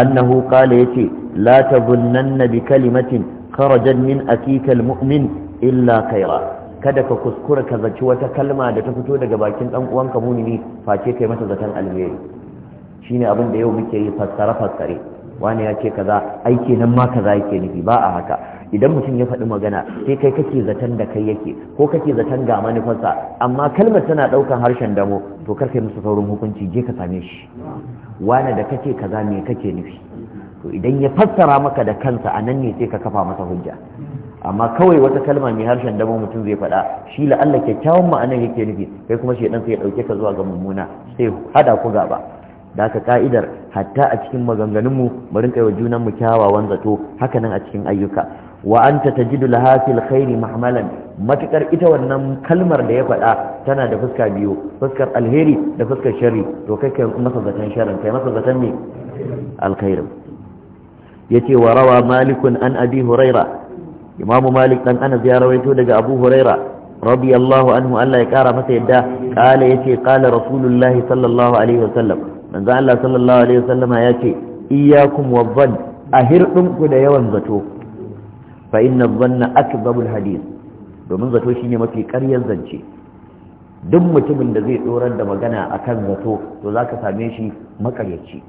annahu qala yace la tazunnanna bi kalimatin kharajat min akika al-mu'min illa khaira kada ka kuskura ka zaci wata kalma da ta fito daga bakin dan uwanka mu'mini face kai masa zatan alheri shine abin yau muke yi fassara fassare wani ya ce kaza aiki nan ma kaza yake nufi ba a haka idan mutum ya faɗi magana sai kai kake zaton da kai yake ko kake zaton ga manufarsa amma kalmar tana ɗaukan harshen damo to karka musu saurin hukunci je ka same shi wane da kake kaza me kake nufi to idan ya fassara maka da kansa a nan ne sai ka kafa masa hujja amma kawai wata kalma mai harshen damo mutum zai faɗa shi la'alla kyakkyawan ma'anar yake nufi kai kuma shedan sai ya ɗauke ka zuwa ga mummuna sai hada ku gaba da ka ka'idar hatta a cikin maganganunmu bari kai wa junanmu kyawawan zato hakanan a cikin ayyuka wa ta tajidu laha fil khairi mahmalan matakar ita wannan kalmar da ya faɗa tana da fuska biyu fuskar alheri da fuskar shari to kai kai masa zaton sharrin kai masa zaton ne alkhairin yace wa rawa malikun an abi huraira imamu malik dan ana ya rawaito daga abu huraira radiyallahu anhu Allah ya kara masa yadda kala yace kala rasulullahi sallallahu alaihi wasallam manzo Allah sallallahu alaihi wasallama yace iyyakum wadhann ku da yawan zato fa inna dhanna akdhabul hadis domin zato shine mafi ƙaryar zance duk mutumin da zai tsorar da magana akan zato to zaka same shi makaryaci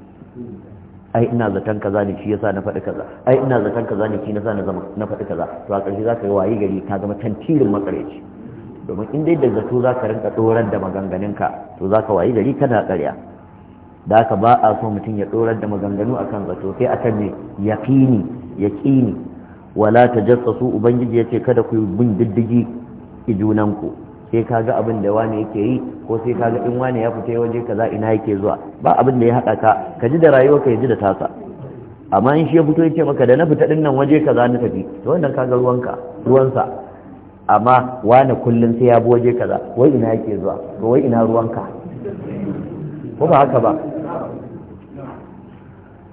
ai ina zaton kaza ne shi yasa na faɗi kaza ai ina zaton kaza ne shi yasa na faɗi kaza to a ƙarshe zaka yi wayi gari ka zama tantirin makareci domin in dai da zato zaka rinka tsorar da maganganunka to zaka wayi gari kana ƙarya da haka ba a so mutum ya tsorar da maganganu akan zato sai akan ne yaqini yaqini wala ta su ubangiji ya ce kada ku bin diddigi junanku sai kaga abin da wani yake yi ko sai kaga in wani ya fita waje kaza ina yake zuwa ba abin da ya haɗa ka ka ji da rayuwa ka ji da tasa amma in shi ya fito yace maka da na fita din nan waje kaza na tafi to wannan kaga ruwanka ruwansa amma wani kullun sai ya bi waje kaza wai ina yake zuwa ko wai ina ruwanka ko ba haka ba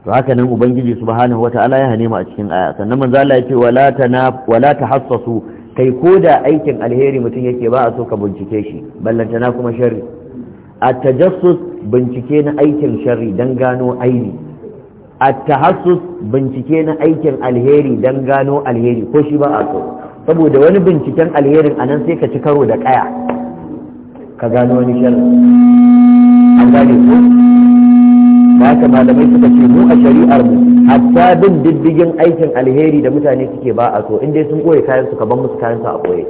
to haka nan ubangiji subhanahu wataala ya hane mu a cikin aya sannan manzo Allah ya ce wala tana wala tahassasu kai ko da aikin alheri mutum yake ba a so ka bincike shi ballantana kuma sharri a tajassus bincike na aikin sharri don gano aini a tahassus bincike na aikin alheri don gano alheri ko shi ba a so saboda wani binciken alherin anan sai ka ci karo da kaya ka gano wani sharri an gane ko haka malamai suka ce mu a shari'ar mu hatta bin diddigin aikin alheri da mutane suke ba a so in dai sun koye kayan su ban musu kayan su a koye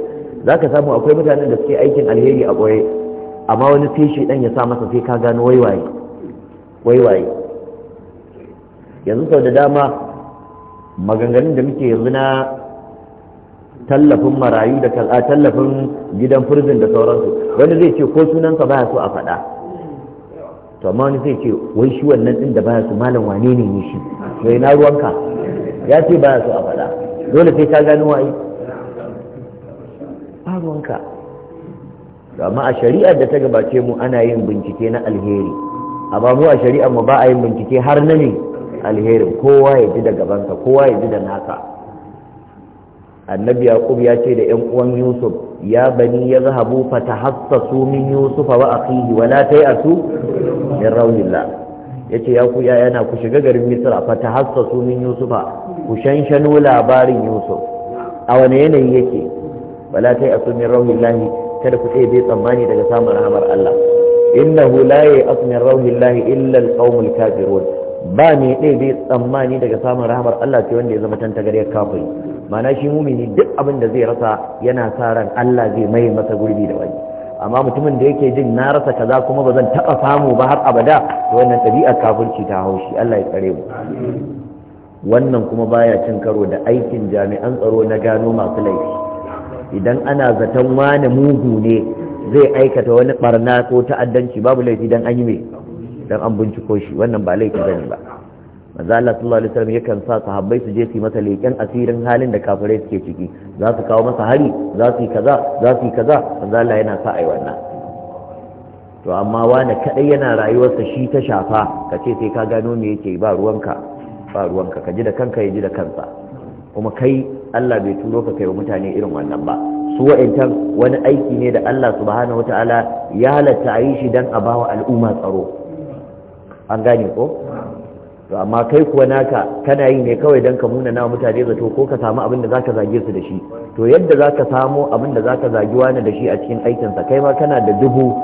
zaka samu akwai mutanen da suke aikin alheri a koye amma wani feshi dan ya sa masa sai ka gano waiwaye waiwaye yanzu sau da dama maganganun da muke yanzu na tallafin marayu da tallafin gidan furzin da sauransu wani zai ce ko sunansa baya so a faɗa to amma wani zai ce wai shi wannan din da baya su malam wane ne ne shi to ina ruwanka ya ce baya su a faɗa dole sai ka gano waye ba ruwanka to amma a shari'ar da ta gabace mu ana yin bincike na alheri amma mu a shari'ar mu ba a yin bincike har na ne alherin kowa ya ji da gabansa kowa ya ji da naka annabi yaqub ya ce da ƴan uwan yusuf ya bani ya zahabu fatahassasu min yusuf wa akhihi wa la tayasu min rawillah yace ya ku yaya na ku shiga garin misra fatahassasu min yusuf ku shanshano labarin yusuf a wani yanayi yake wa la tayasu min rawillah kada ku tsaye bai tsammani daga samun rahamar Allah innahu la ya'asu min rawillah illa al-qaumul kafirun ba ne ɗaya zai tsammani daga samun rahamar Allah ce wanda ya zama tantagariyar kafin. mana shi mumini duk abin da zai rasa yana sa ran Allah zai mai masa gurbi da wani amma mutumin da yake jin na rasa kaza kuma ba zan taɓa samu ba har abada to wannan ɗabi'ar kafirci ta haushi Allah ya tsare mu wannan kuma baya cin karo da aikin jami'an tsaro na gano masu laifi idan ana zaton wani mugu ne zai aikata wani barna ko ta'addanci babu laifi dan an yi mai dan an binciko shi wannan ba laifi bane ba manzo Allah sallallahu alaihi wasallam yakan sa sahabbai su je su masa leƙen asirin halin da kafirai suke ciki za su kawo masa hari za su yi kaza za su yi kaza manzo Allah yana sa ai wannan to amma wani kadai yana rayuwarsa shi ta shafa kace sai ka gano me yake ba ruwanka ba ruwanka ka ji da kanka ya ji da kansa kuma kai Allah bai turo ka kai wa mutane irin wannan ba su wa'intan wani aiki ne da Allah subhanahu wataala ya halatta a yi shi dan a bawa al'umma tsaro an gane ko to amma kai kuwa naka kana yi ne kawai don ka muna na mutane zato ko ka samu abin da zaka zage su da shi to yadda zaka samu abin da zaka zagi wani da shi a cikin aikinsa kai ma kana da dubu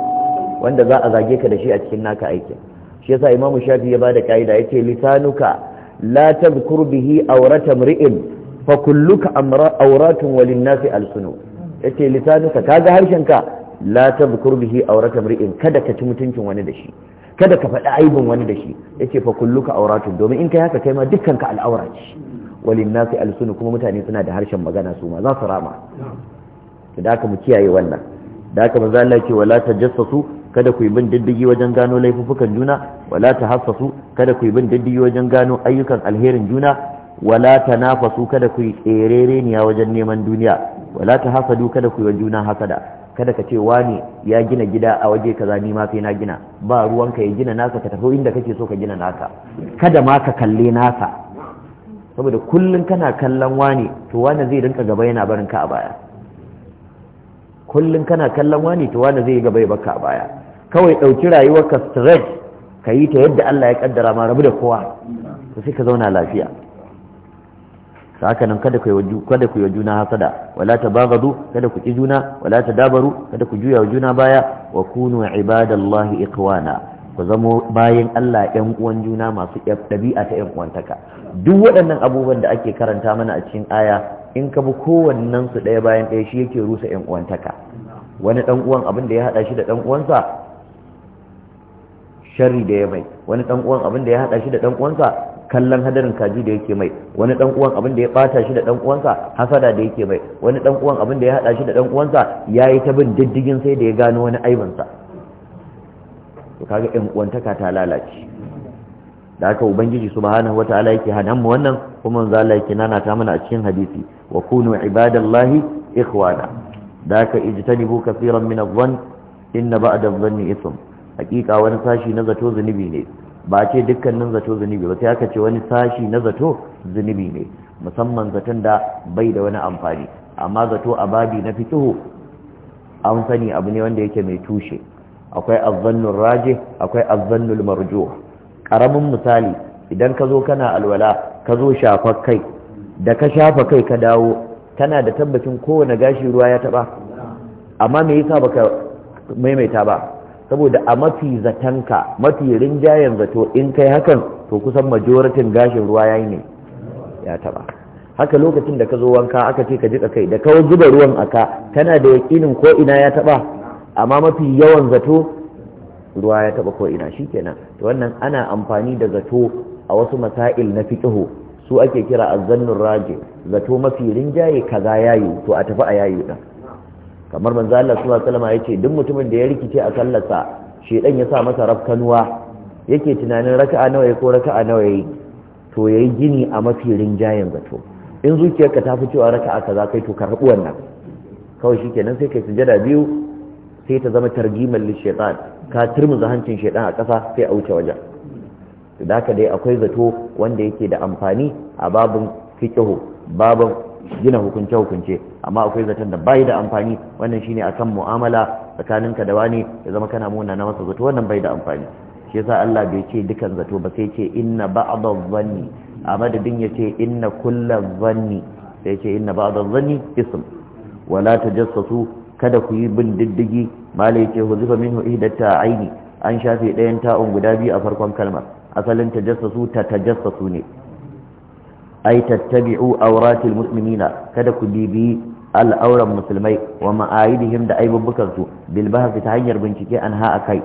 wanda za a zage ka da shi a cikin naka aikin shi yasa imamu shafi ya bada kaida yace lisanuka la tadhkur bihi awrata mri'in fa kulluka amra awratun walin nasi alsunu yace lisanuka kaga ka la tadhkur bihi awrata mri'in kada ka ci mutuncin wani da shi kada ka faɗi aibin wani da shi yace fa kulluka auratun domin in kai haka kai ma dukkanka al'aura ce walin nasi alsunu kuma mutane suna da harshen magana su ma za su rama to da haka mu kiyaye wannan da haka manzo Allah ce wala tajassasu kada ku yi bin diddigi wajen gano laifukan juna wala tahassasu kada ku yi bin diddigi wajen gano ayyukan alherin juna wala tanafasu kada ku yi reniya wajen neman duniya wala tahasadu kada ku yi wa juna hasada kada ka ce wani ya gina gida a waje kaza ni ma sai na gina ba ruwanka ya gina nasa ka tafi inda kake so ka gina nasa kada ma ka kalle nasa saboda kullun kana kallon wani to wani zai rinka gaba yana barin ka a baya kullun kana kallon wani to wani zai gaba ya ka a baya kawai dauki rayuwarka straight ka yi ta yadda Allah ya kaddara ma rabu da kowa to sai ka zauna lafiya haka nan kada ku kada ku juna hasada wala tabaghadu kada ku ci juna wala tadabaru kada ku juya juna baya wa kunu ibadallahi ikhwana ku zamo bayan Allah ɗan uwan juna masu ɗabi'a ta ɗan uwantaka duk waɗannan abubuwan da ake karanta mana a cikin aya in ka bi kowannen su ɗaya bayan ɗaya shi yake rusa ɗan uwantaka wani ɗan uwan abin da ya haɗa shi da ɗan uwansa sharri da ya mai wani ɗan uwan abin da ya haɗa shi da ɗan uwansa kallon hadarin kaji da yake mai wani dan uwan abin da ya bata shi da dan uwansa hasada da yake mai wani dan uwan abin da ya hada shi da dan uwansa yayi ta bin diddigin sai da ya gano wani aibin sa to kaga ɗan uwantaka ta lalace da haka ubangiji subhanahu wataala yake hana mu wannan kuma manzo Allah yake nana ta mana a cikin hadisi wa kunu ibadallahi ikhwana da haka ijtanibu kaseeran min adh-dhann inna ba'da adh-dhanni ithm hakika wani sashi na zato zunubi ne ba ce dukkanin zato zunubi ba sai aka ce wani sashi na zato zunubi ne musamman zaton da bai da wani amfani amma zato a babi na fituhu an sani abu ne wanda yake mai tushe akwai azzannun raje akwai azzannun marjo karamin misali idan ka zo kana alwala ka zo shafa kai da ka shafa kai ka dawo tana da tabbacin kowane gashi ruwa ya taba amma me yasa baka maimaita ba saboda a mafi zatanka mafi rinjayen zato in kai hakan to kusan majoratin gashin ruwa yayi ne ya taba haka lokacin da ka zo wanka aka ce ka jika kai da ka zuba ruwan aka tana da yakinin ko ina ya taba amma mafi yawan zato ruwa ya taba ko ina shikenan to wannan ana amfani da zato a wasu masail na fiqhu su ake kira azzannur raji zato mafi rinjaye kaza yayi to a tafi a yayi din kamar manzo Allah sallallahu alaihi wasallam ce duk mutumin da ya rikice a sallarsa shedan ya sa masa rafkanuwa yake tunanin raka'a nawa ya ko raka'a nawa yayi to yayi gini a mafi rinjayen zato in zuciyarka ta fi cewa raka'a kaza kai to ka karbu wannan kawai shikenan sai kai sujada biyu sai ta zama li shaytan ka turmuza hancin shaytan a kasa sai a wuce wajen da haka dai akwai zato wanda yake da amfani a babun fiqhu babun gina hukunce hukunce amma akwai zaton da bai da amfani wannan shine akan mu'amala tsakaninka da wani ya zama kana muna na masa zato wannan bai da amfani shi yasa Allah bai ce dukan zato ba sai ce inna ba'da amma da din yace inna kullu zanni sai ce inna ba'da zanni ism wala tajassasu kada ku yi bin diddigi malai ce huzifa minhu ihdatta aini an shafe ɗayan ta'un guda biyu a farkon kalmar asalin tajassasu ta tajassasu ne ay tattabi'u auratil muslimina kada ku bibi al'auran musulmai wa ma'aidihim da aibubbukan su bil bahth ta hanyar bincike an ha akai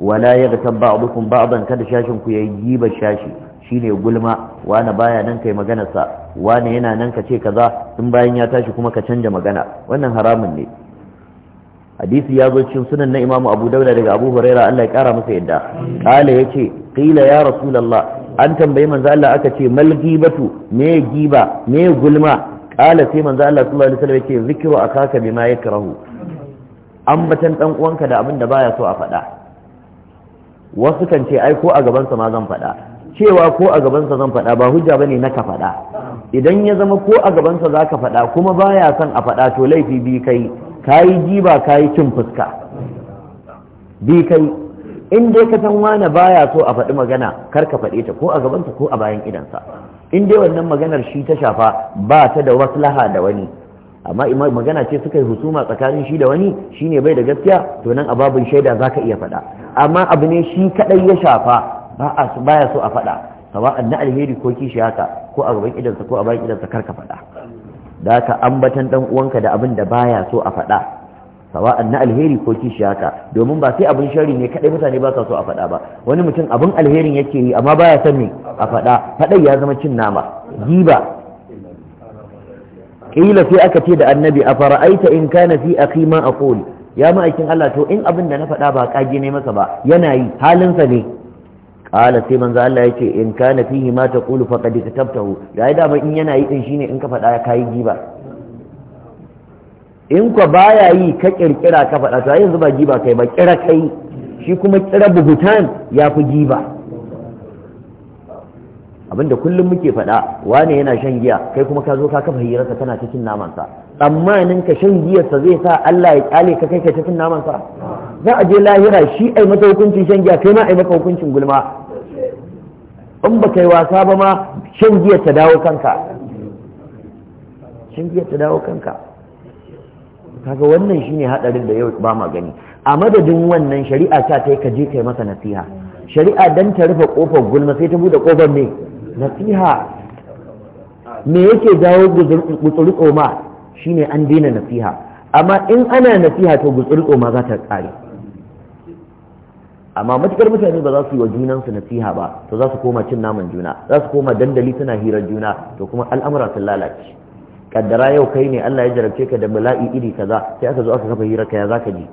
wala yaghtab ba'dukum ba'dan kada shashin ku yayi giba shashi shine gulma wani baya nan kai maganarsa, sa wani yana nan ka ce kaza in bayan ya tashi kuma ka canja magana wannan haramun ne hadisi ya zo cikin sunan na imamu abu dauda daga abu huraira allah ya kara masa yadda kala ya ce kila ya rasulallah an tambayi manzo Allah aka ce mal gibatu me giba me gulma kala sai manzo Allah sallallahu alaihi wasallam yake zikiru akaka bima yakrahu ambatan dan uwanka da abinda da baya so a faɗa wasu kan ce ai ko a gaban sa ma zan faɗa cewa ko a gaban sa zan faɗa ba hujja bane na ka faɗa idan ya zama ko a gaban sa zaka faɗa kuma baya son a faɗa to laifi bi kai kayi giba kayi cin fuska bi kai in dai ka san wani baya so a faɗi magana kar ka faɗe ta ko a gabansa ko a bayan idansa in dai wannan maganar shi ta shafa ba ta da waslaha da wani amma magana ce suka yi husuma tsakanin shi da wani shine bai da gaskiya to nan a babin shaida zaka iya faɗa amma abu ne shi kaɗai ya shafa ba baya so a faɗa sawa'an na alheri ko kishi haka ko a gaban idansa ko a bayan idansa kar ka faɗa da ka ambatan dan uwanka da abin da baya so a faɗa sawa'an na alheri ko kishi haka domin ba sai abin shari ne kadai mutane ba sa so a faɗa ba wani mutum abin alherin yake yi amma baya son me a faɗa faɗai ya zama cin nama giba kila sai aka ce da annabi a fara'aita in kana fi akhi ma aqul ya ma'aikin Allah to in abin da na faɗa ba kage ne masa ba yana yi halinsa ne qala sai manzo Allah ce in kana fihi ma taqulu faqad katabtahu ya da in yana yi din shine in ka faɗa kai giba in kwa baya yi ka kirkira ka faɗa to yanzu ba giba kai ba kira kai shi kuma kira buhutan ya fi giba abinda kullum muke faɗa wane yana shan giya kai kuma ka zo ka kafa hirarsa tana cikin namansa tsammanin ka shan giyarsa zai sa Allah ya kyale ka kai ka cikin namansa za a je lahira shi ai mata hukuncin shan giya kai ma ai maka hukuncin gulma in ba kai wasa ba ma shan giyar ta dawo kanka shan giyar ta dawo kanka kaga wannan shine hadarin da yau ba ma gani a madadin wannan shari'a ta kai ka je kai masa nasiha shari'a dan ta rufe kofar gulma sai ta bude kofar ne nasiha me yake jawo gutsuri koma shine an daina nasiha amma in ana nasiha to gutsuri koma za ta kare amma matukar mutane ba za su yi wa junansu nasiha ba to za su koma cin naman juna za su koma dandali suna hirar juna to kuma al'amura sun lalace kaddara yau kai ne Allah ya jarabce ka da bala'i iri kaza sai aka zo aka kafa hira ka ya ka ji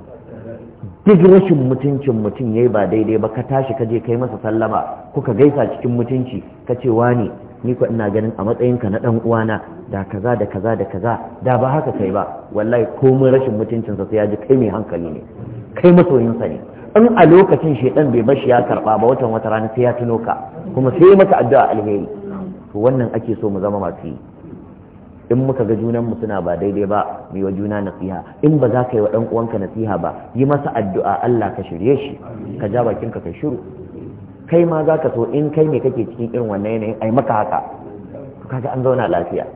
duk rashin mutuncin mutum yayi ba daidai ba ka tashi ka je kai masa sallama kuka gaisa cikin mutunci ka ce wani ni ko ina ganin a matsayin ka na dan uwana da kaza da kaza da kaza da ba haka kai ba wallahi komai rashin mutuncin sa sai ya ji kai mai hankali ne kai masoyin sa ne in a lokacin shedan bai bashi ya karba ba watan wata rana sai ya tuno ka kuma sai maka addu'a alheri to wannan ake so mu zama masu yi in muka ga junan mu suna ba daidai ba mu wa juna nasiha in ba za ka yi wa dan uwanka nasiha ba yi masa addu'a Allah ka shirye shi ka ja bakin ka kai shiru kai ma za ka so in kai ne kake cikin irin wannan yanayin ai maka haka to kaga an zauna lafiya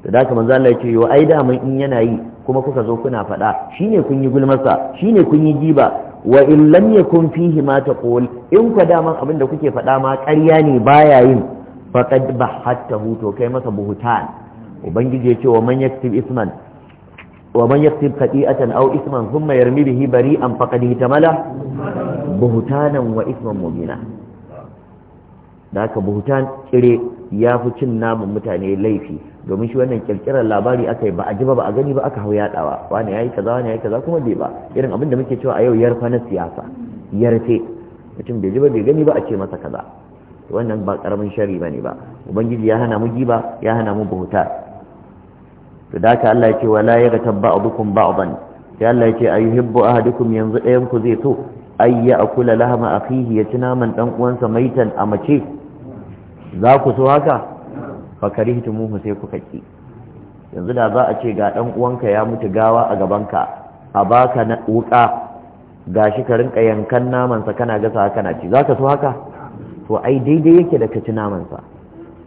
to da manzo Allah yake ce yo ai da mun in yana yi kuma kuka zo kuna faɗa shine kun yi gulmasa shine kun yi jiba wa in lam yakun fihi ma taqul in ku daman abin da kuke faɗa ma ƙarya ne baya yin faqad bahattahu to kai masa buhutan ubangiji ya ce wa man yaktib isman wa man yaktib qati'atan aw isman thumma yarmi bihi bari'an faqad mala buhutanan wa isman mubina da ka buhutan kire ya fi cin namun mutane laifi domin shi wannan kirkirar labari aka yi ba a ji ba a gani ba aka hau yadawa wani yayi kaza wani yayi kaza kuma bai ba irin abin da muke cewa a yau yarfa na siyasa yarfe mutum bai ji ba bai gani ba a ce masa kaza wannan ba karamin shari bane ba ubangiji ya hana mu giba ya hana mu buhuta to da ka Allah ya ce wala yaghtab ba'dukum ba'dan ya Allah ya ce ayuhibbu ahadukum yanzu ɗayan ku zai so ay ya'kula lahma akhihi ya ci naman dan uwansa maitan a mace za ku so haka fa karihtumuhu sai ku kaki yanzu da za a ce ga dan uwanka ya mutu gawa a gabanka a baka na wuka gashi ka rinka yankan namansa kana gasa kana ci za ka so haka to ai daidai yake da ka ci namansa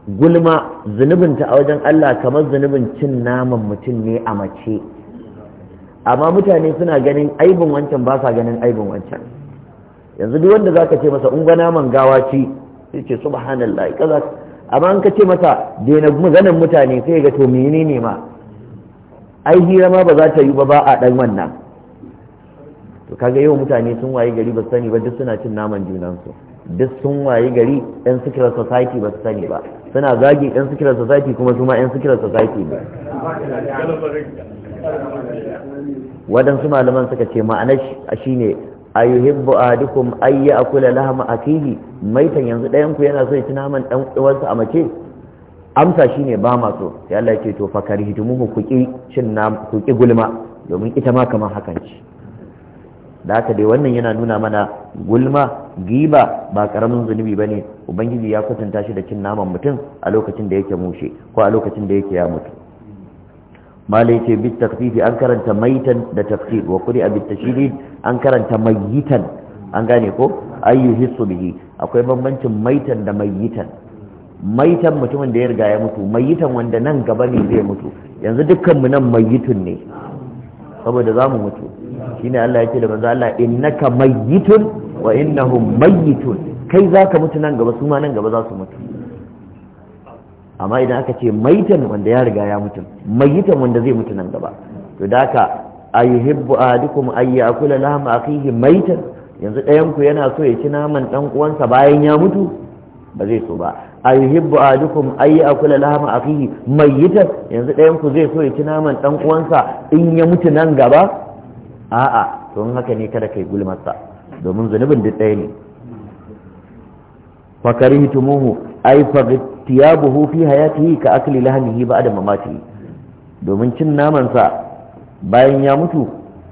gulma zunubinta a wajen Allah kamar zunubin cin naman mutum ne a mace amma mutane suna ganin aibin wancan ba sa ganin aibin wancan yanzu duk wanda zaka ce masa unga naman gawa ci sai ce subhanallah kaza amma an ka ce masa daina maganan mutane sai ga to menene ma ai hira ma ba za ta yi ba ba a dan wannan to kaga yau mutane sun wayi gari ba sani ba duk suna cin naman junansu duk sun wayi gari yan sukira society ba su sani ba suna zagin yan sikirar society kuma su ma yan sikirar society ne waɗansu malaman suka ce ma'anar shi ne a dukkan ahadukum a kula lahama akihi maitan yanzu ɗayan ku yana so ya ci naman ɗan uwansa a mace amsa shine ba ma so Allah ce to fakar hitumuhu kuki cin kuki gulma domin ita ma kamar hakan ci. da haka dai wannan yana nuna mana gulma giba ba karamin zunubi bane ubangiji ya kwatanta shi da cin naman mutum a lokacin da yake mushe ko a lokacin da yake ya mutu malai ce bit takfifi an karanta maitan da tafsir wa quri bit tashdid an karanta mayitan an gane ko ayu hisu bihi akwai bambancin maitan da mayitan maitan mutumin da ya riga ya mutu mayitan wanda nan gaba ne zai mutu yanzu dukkan mu nan mayitun ne saboda za mu mutu shine Allah yake da manzo Allah innaka mayyitun wa innahum mayyitun kai zaka mutu nan gaba su ma nan gaba za su mutu amma idan aka ce maitan wanda ya riga ya mutu mayyitan wanda zai mutu nan gaba to da haka ayuhibbu ahadukum ay ya'kula lahma akhihi maitan yanzu ɗayan ku yana so ya ci naman dan uwansa bayan ya mutu ba zai so ba ayuhibbu ahadukum ay ya'kula lahma akhihi maitan yanzu ɗayan ku zai so ya ci naman dan uwansa in ya mutu nan gaba a'a to haka ne kada kai gulmarsa domin zunubin duk ɗaya ne ai ay fagtiyabuhu fi hayatihi ka akli lahmihi adam mamati domin cin naman sa bayan ya mutu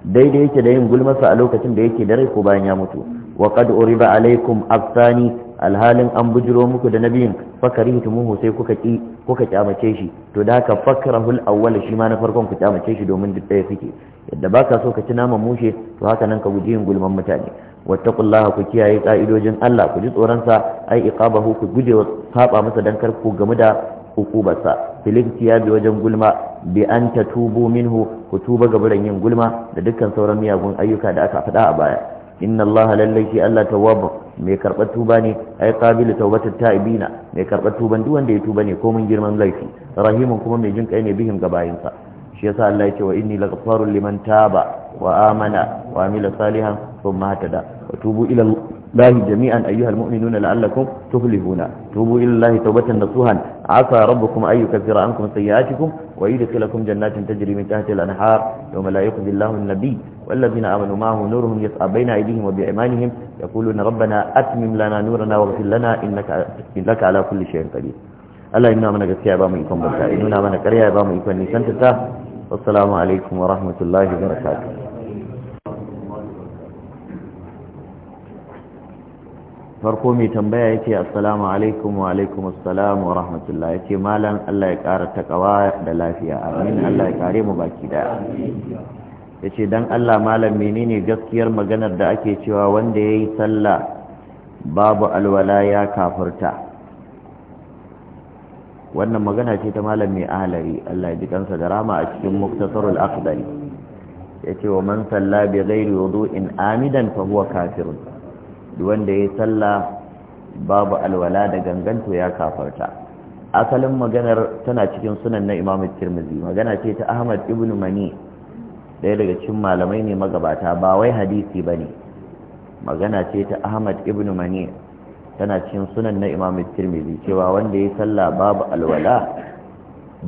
daidai yake da yin gulmarsa a lokacin da yake dare ko bayan ya mutu wa qad uriba alaikum afsani alhalin an bujiro muku da nabiyin fakarihitumuhu sai kuka ki kuka kyamace shi to da haka fakrahul awwal shi ma na farkon ku kyamace shi domin duk ɗaya suke yadda baka so ka ci naman mushe to haka nan ka guji yin gulman mutane wattaqullaha ku kiyaye ka'idojin Allah ku ji tsoron sa ai iqabahu ku guje wa saba masa dan kar ku gamu da hukubarsa filinti ya bi wajen gulma bi an tatubu minhu ku tuba gaburan yin gulma da dukkan sauran miyagun ayyuka da aka faɗa a baya inna Allah lallai shi Allah tawwab mai karɓar tuba ne ai qabilu tawbatat ta'ibina mai karɓar tuban duk wanda ya tuba ne ko mun girman laifi rahimun kuma mai jin kai ne bihim gabayinsa shi yasa Allah yake wa inni laghfaru liman taba wa amana wa amila salihan thumma tada wa ila Allah jami'an ayyuhal mu'minuna la'allakum tuflihuna tubu ila Allah tawbatan nasuhan asa rabbukum ay yukaffira ankum sayyi'atikum wa yudkhilukum jannatin tajri min tahtiha al-anhar yawma la yuqdi Allahu an-nabiy wal ladina amanu ma'ahu nuruhum yas'a bayna aydihim wa bi'imanihim yaquluna rabbana atmim lana nurana waghfir lana innaka innaka ala kulli shay'in qadir Allah inna mana gaskiya ba mu ikon bata inna mana ƙarya ba mu ikon nisan ta wassalamu alaikum wa rahmatullahi wa barakatuh farko mai tambaya ya ce assalamu alaikum wa alaikum assalamu wa rahmatullah ya ce malam Allah ya ƙara taƙawa da lafiya amin Allah ya ƙare mu baki daya ya ce don Allah malam menene gaskiyar maganar da ake cewa wanda ya yi sallah babu alwala ya kafarta wannan magana ce ta malam mai ahalari Allah ji kansa da rama a cikin muktasarul akhdari yace wa man salla bi ghairi wudu'in amidan fa huwa kafirun duk wanda ya salla babu alwala da ganganto ya kafarta asalin maganar tana cikin sunan na Imam Tirmidhi magana ce ta Ahmad ibn Mani daya daga cikin malamai ne magabata ba wai hadisi bane magana ce ta Ahmad ibn Mani tana cikin sunan na imam tirmidhi cewa wanda ya salla babu alwala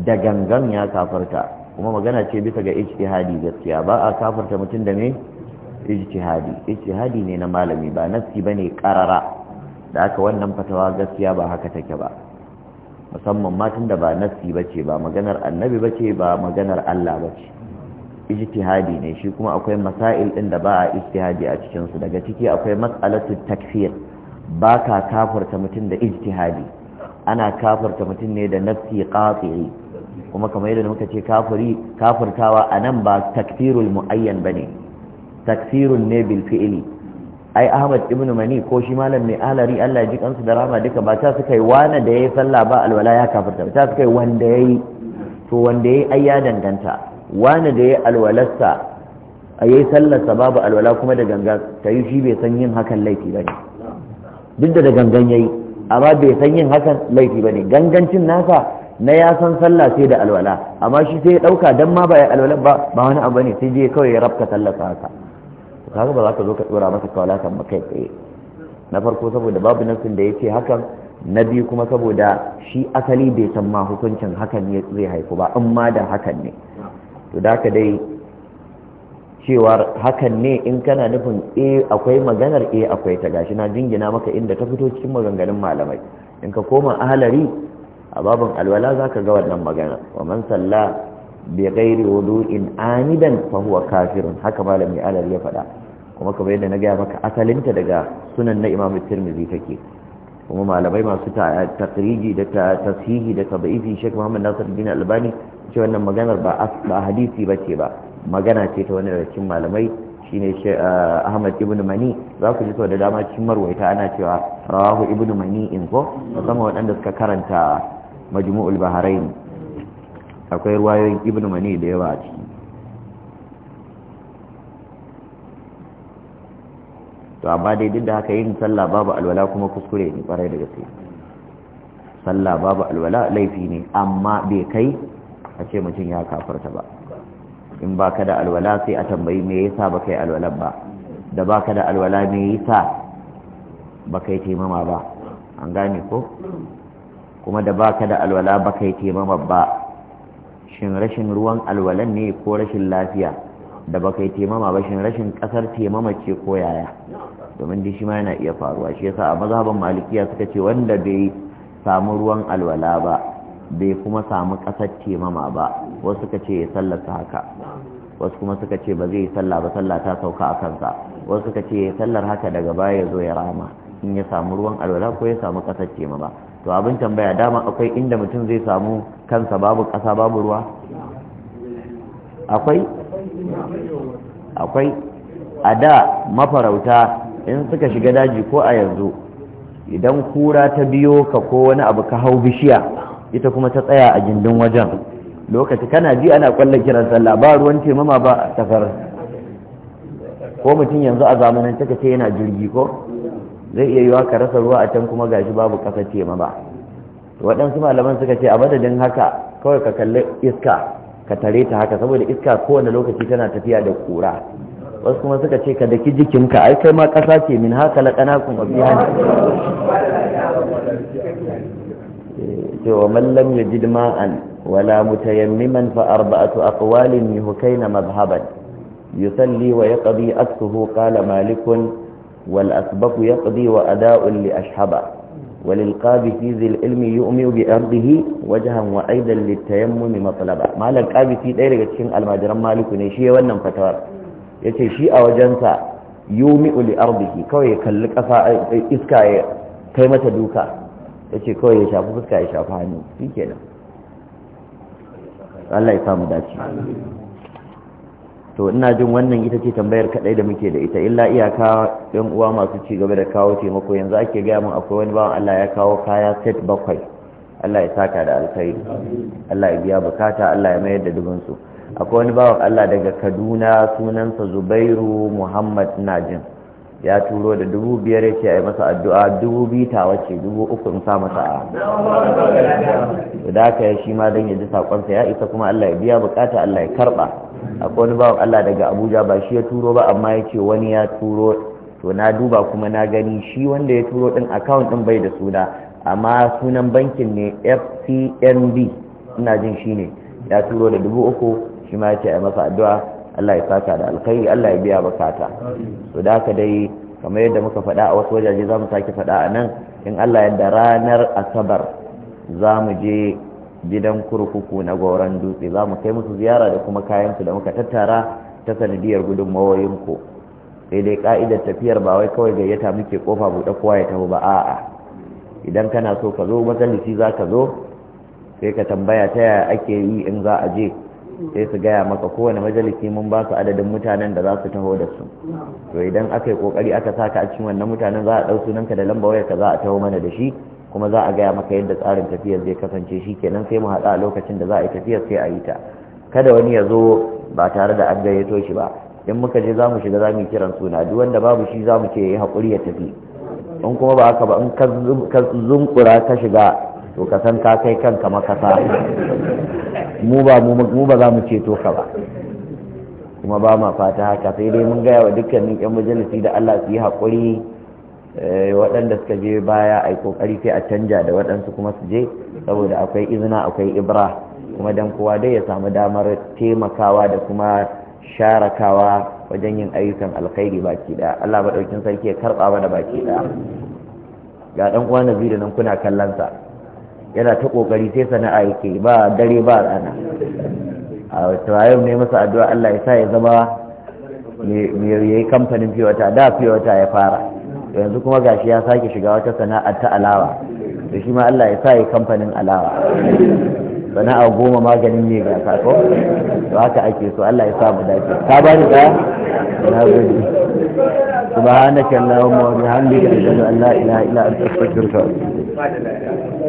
da gangan ya kafarta kuma magana ce bisa ga ijtihadi gaskiya ba a kafarta mutum da me ijtihadi ijtihadi ne na malami ba nassi bane karara da aka wannan fatawa gaskiya ba haka take ba musamman matan da ba nassi bace ba maganar annabi bace ba maganar Allah bace ijtihadi ne shi kuma akwai masail din da ba a ijtihadi a cikin su daga ciki akwai mas'alatu takfir ba ka kafarta mutum da ijtihadi ana kafarta mutum ne da nafsi qati'i kuma kamar yadda muka ce kafiri kafirtawa nan ba takfirul muayyan bane takfirun ne bil fi'li ai Ahmad ibn Mani ko shi malam mai alari Allah ji kansu da rahama duka ba ta suka yi wani da ya yi sallah ba alwala ya kafirta ba ta suka yi wanda ya yi to wanda yayi ai ya danganta wani da ya yi alwalarsa a yayi sallarsa babu alwala kuma da ganga ta yi shi bai san yin hakan laifi ba ne. duk da gangan yayi amma bai san yin hakan laifi bane gangancin nasa na ya san sallah sai da alwala amma shi sai ya ɗauka dan ma ba ya alwala ba ba wani abu ne sai je kawai ya rabka sallah haka kaga ba za ka zo ka tsora masa kawala kan ba kai tsaye na farko saboda babu nafsin da ya ce hakan na biyu kuma saboda shi asali bai san ma hukuncin hakan ne zai haifu ba amma da hakan ne to da ka dai cewa hakan ne in kana nufin e akwai maganar e akwai ta gashi na jingina maka inda ta fito cikin maganganun malamai in ka koma ahalari a babin alwala za ka ga wannan magana wa man salla bi ghairi wudu'in anidan fa huwa kafirun haka malami alal ya faɗa kuma kamar yadda na gaya maka asalinta daga sunan na imam tirmidhi take kuma malamai masu takriji da tasihi da tabaifi shek muhammad nasir bin albani ce wannan maganar ba hadisi bace ba magana ce ta wani daga cikin malamai shine eh, Ahmad ibn Mani za ku ji sau da dama cikin marwaita ana cewa rawahu ibn Mani in ko musamman waɗanda suka karanta majmu'ul baharain akwai ruwayoyin ibn Mani da yawa a ciki to amma dai duk da haka yin sallah babu alwala kuma kuskure ne kwarai da gaske sallah babu alwala laifi ne amma bai kai a ce mutum ya kafarta ba in baka da alwala sai a tambayi me yasa baka yi alwalan ba da baka da alwala me yasa baka yi taimama ba an gane ko kuma da baka da alwala baka yi taimama ba shin rashin ruwan alwalan ne ko rashin lafiya da baka yi taimama ba shin rashin kasar taimama ce ko yaya domin dai shi ma yana iya faruwa shi yasa a mazhaban malikiya suka ce wanda bai samu ruwan alwala ba bai kuma samu ƙasar taimama ba wasu suka ce ya sallata haka wasu kuma suka ce ba zai yi sallah ba sallah ta sauka a kansa wasu suka ce ya sallar haka daga baya ya zo ya rama in ya samu ruwan alwala ko ya samu ƙasar taimama to abin tambaya dama akwai inda mutum zai samu kansa babu ƙasa babu ruwa akwai akwai a da mafarauta in suka shiga daji ko a yanzu idan kura ta biyo ka ko wani abu ka hau bishiya ita kuma ta tsaya a gindin wajen lokaci kana ji ana kwalla kiran sallah ba ruwan taimama ba a tafar ko mutum yanzu a zamanin ta ce yana jirgi ko zai iya yiwa ka rasa ruwa a can kuma gashi babu kasa taimama waɗansu malaman suka ce a madadin haka kawai ka kalli iska ka tare ta haka saboda iska kowane lokaci tana tafiya da kura wasu kuma suka ce ka daki jikinka ai kai ma kasa ce min haka kun wa biya cewa mallami ya yajid ma'an wala yammiman fa arba'atu aqwalin yuhkaina madhhaban yusalli wa yaqdi aksuhu qala malikun wal asbaq yaqdi wa ada'un li ashhaba وللقاب في ذي العلم يؤمن بأرضه وجها وأيضا للتيمم مطلبا ما للقاب في ذي لكتشين المادران مالكو نيشي ونم فتوار يتي شيء وجنسا يؤمن kalli كوي iska ya kai mata duka. ya ce kawai ya shafi fuska ya shafi hannu shi ke nan Allah ya samu dace to ina jin wannan ita ce tambayar kadai da muke da ita illa iyaka yan uwa masu ci gaba da kawo taimako yanzu ake gaya min akwai wani bawan Allah ya kawo kaya set bakwai Allah ya saka da alkhairi Allah ya biya bukata Allah ya mayar da dubansu akwai wani bawan Allah daga Kaduna sunansa Zubairu Muhammad Najin ya turo da dubu biyar ya ce a yi masa addu'a dubu biyu ta wace dubu uku in sa masa a da aka yi shi ma don ya saƙonsa ya isa kuma Allah ya biya bukata Allah ya karɓa akwai wani bawan Allah daga Abuja ba shi ya turo ba amma ya ce wani ya turo to na duba kuma na gani shi wanda ya turo ɗin akawun ɗin bai da suna amma sunan bankin ne FCMB ina jin shi ne ya turo da dubu uku shi ma ya ce a yi masa addu'a Allah ya saka da alkhairi Allah ya biya bakata. to da ka dai kamar yadda muka faɗa a wasu wajaje za mu sake faɗa a nan in Allah ya da ranar asabar zamu je gidan kurkuku na goron dutse zamu kai musu ziyara da kuma kayansu da muka tattara ta sanadiyar gudunmawoyinku sai dai ka'idar tafiyar ba wai kawai gayyata muke kofa buɗe kowa ya tafi ba a'a idan kana so ka zo majalisi za ka zo sai ka tambaya ta yaya ake yi in za a je sai su gaya maka kowane majalisi mun ba su adadin mutanen da za su taho da su to idan aka yi kokari aka saka a cikin wannan mutanen za a ɗau sunanka da lamba wayarka za a taho mana da shi kuma za a gaya maka yadda tsarin tafiyar zai kasance shi kenan sai mu haɗu a lokacin da za a yi tafiyar sai a yi ta kada wani ya zo ba tare da an gayyato shi ba in muka je za mu shiga za mu kiran suna duk wanda babu shi za mu ce ya yi haƙuri ya tafi in kuma ba haka ba in ka zunkura ka shiga to ka san ka kai kanka makasa mu ba mu ba za mu ceto ka ba kuma ba ma fata haka sai dai mun gaya wa dukkanin yan majalisi da Allah su yi haƙuri eh, waɗanda suka je baya ai kokari sai a canja da waɗansu kuma su je saboda akwai izina akwai ibra kuma dan kowa dai ya samu damar taimakawa da kuma sharakawa wajen yin ayyukan alkhairi baki da Allah daukin sarki ya karɓa mana baki da ga ɗan uwa Naziru nan kuna kallon sa yana ta kokari sai sana'a yake ba dare ba rana a tawayen ne masa addu'a Allah ya sa ya zama ya yi kamfanin fiyota da fiyota ya fara yanzu kuma gashi ya sake shiga wata sana'a ta alawa da shi ma Allah ya sa ya kamfanin alawa sana'a goma maganin ne ga sako to haka ake so Allah ya sa mu dace ka ba ni daya na gode subhanaka allahumma wa bihamdika ashhadu an la ilaha illa anta astaghfiruka wa atubu ilayk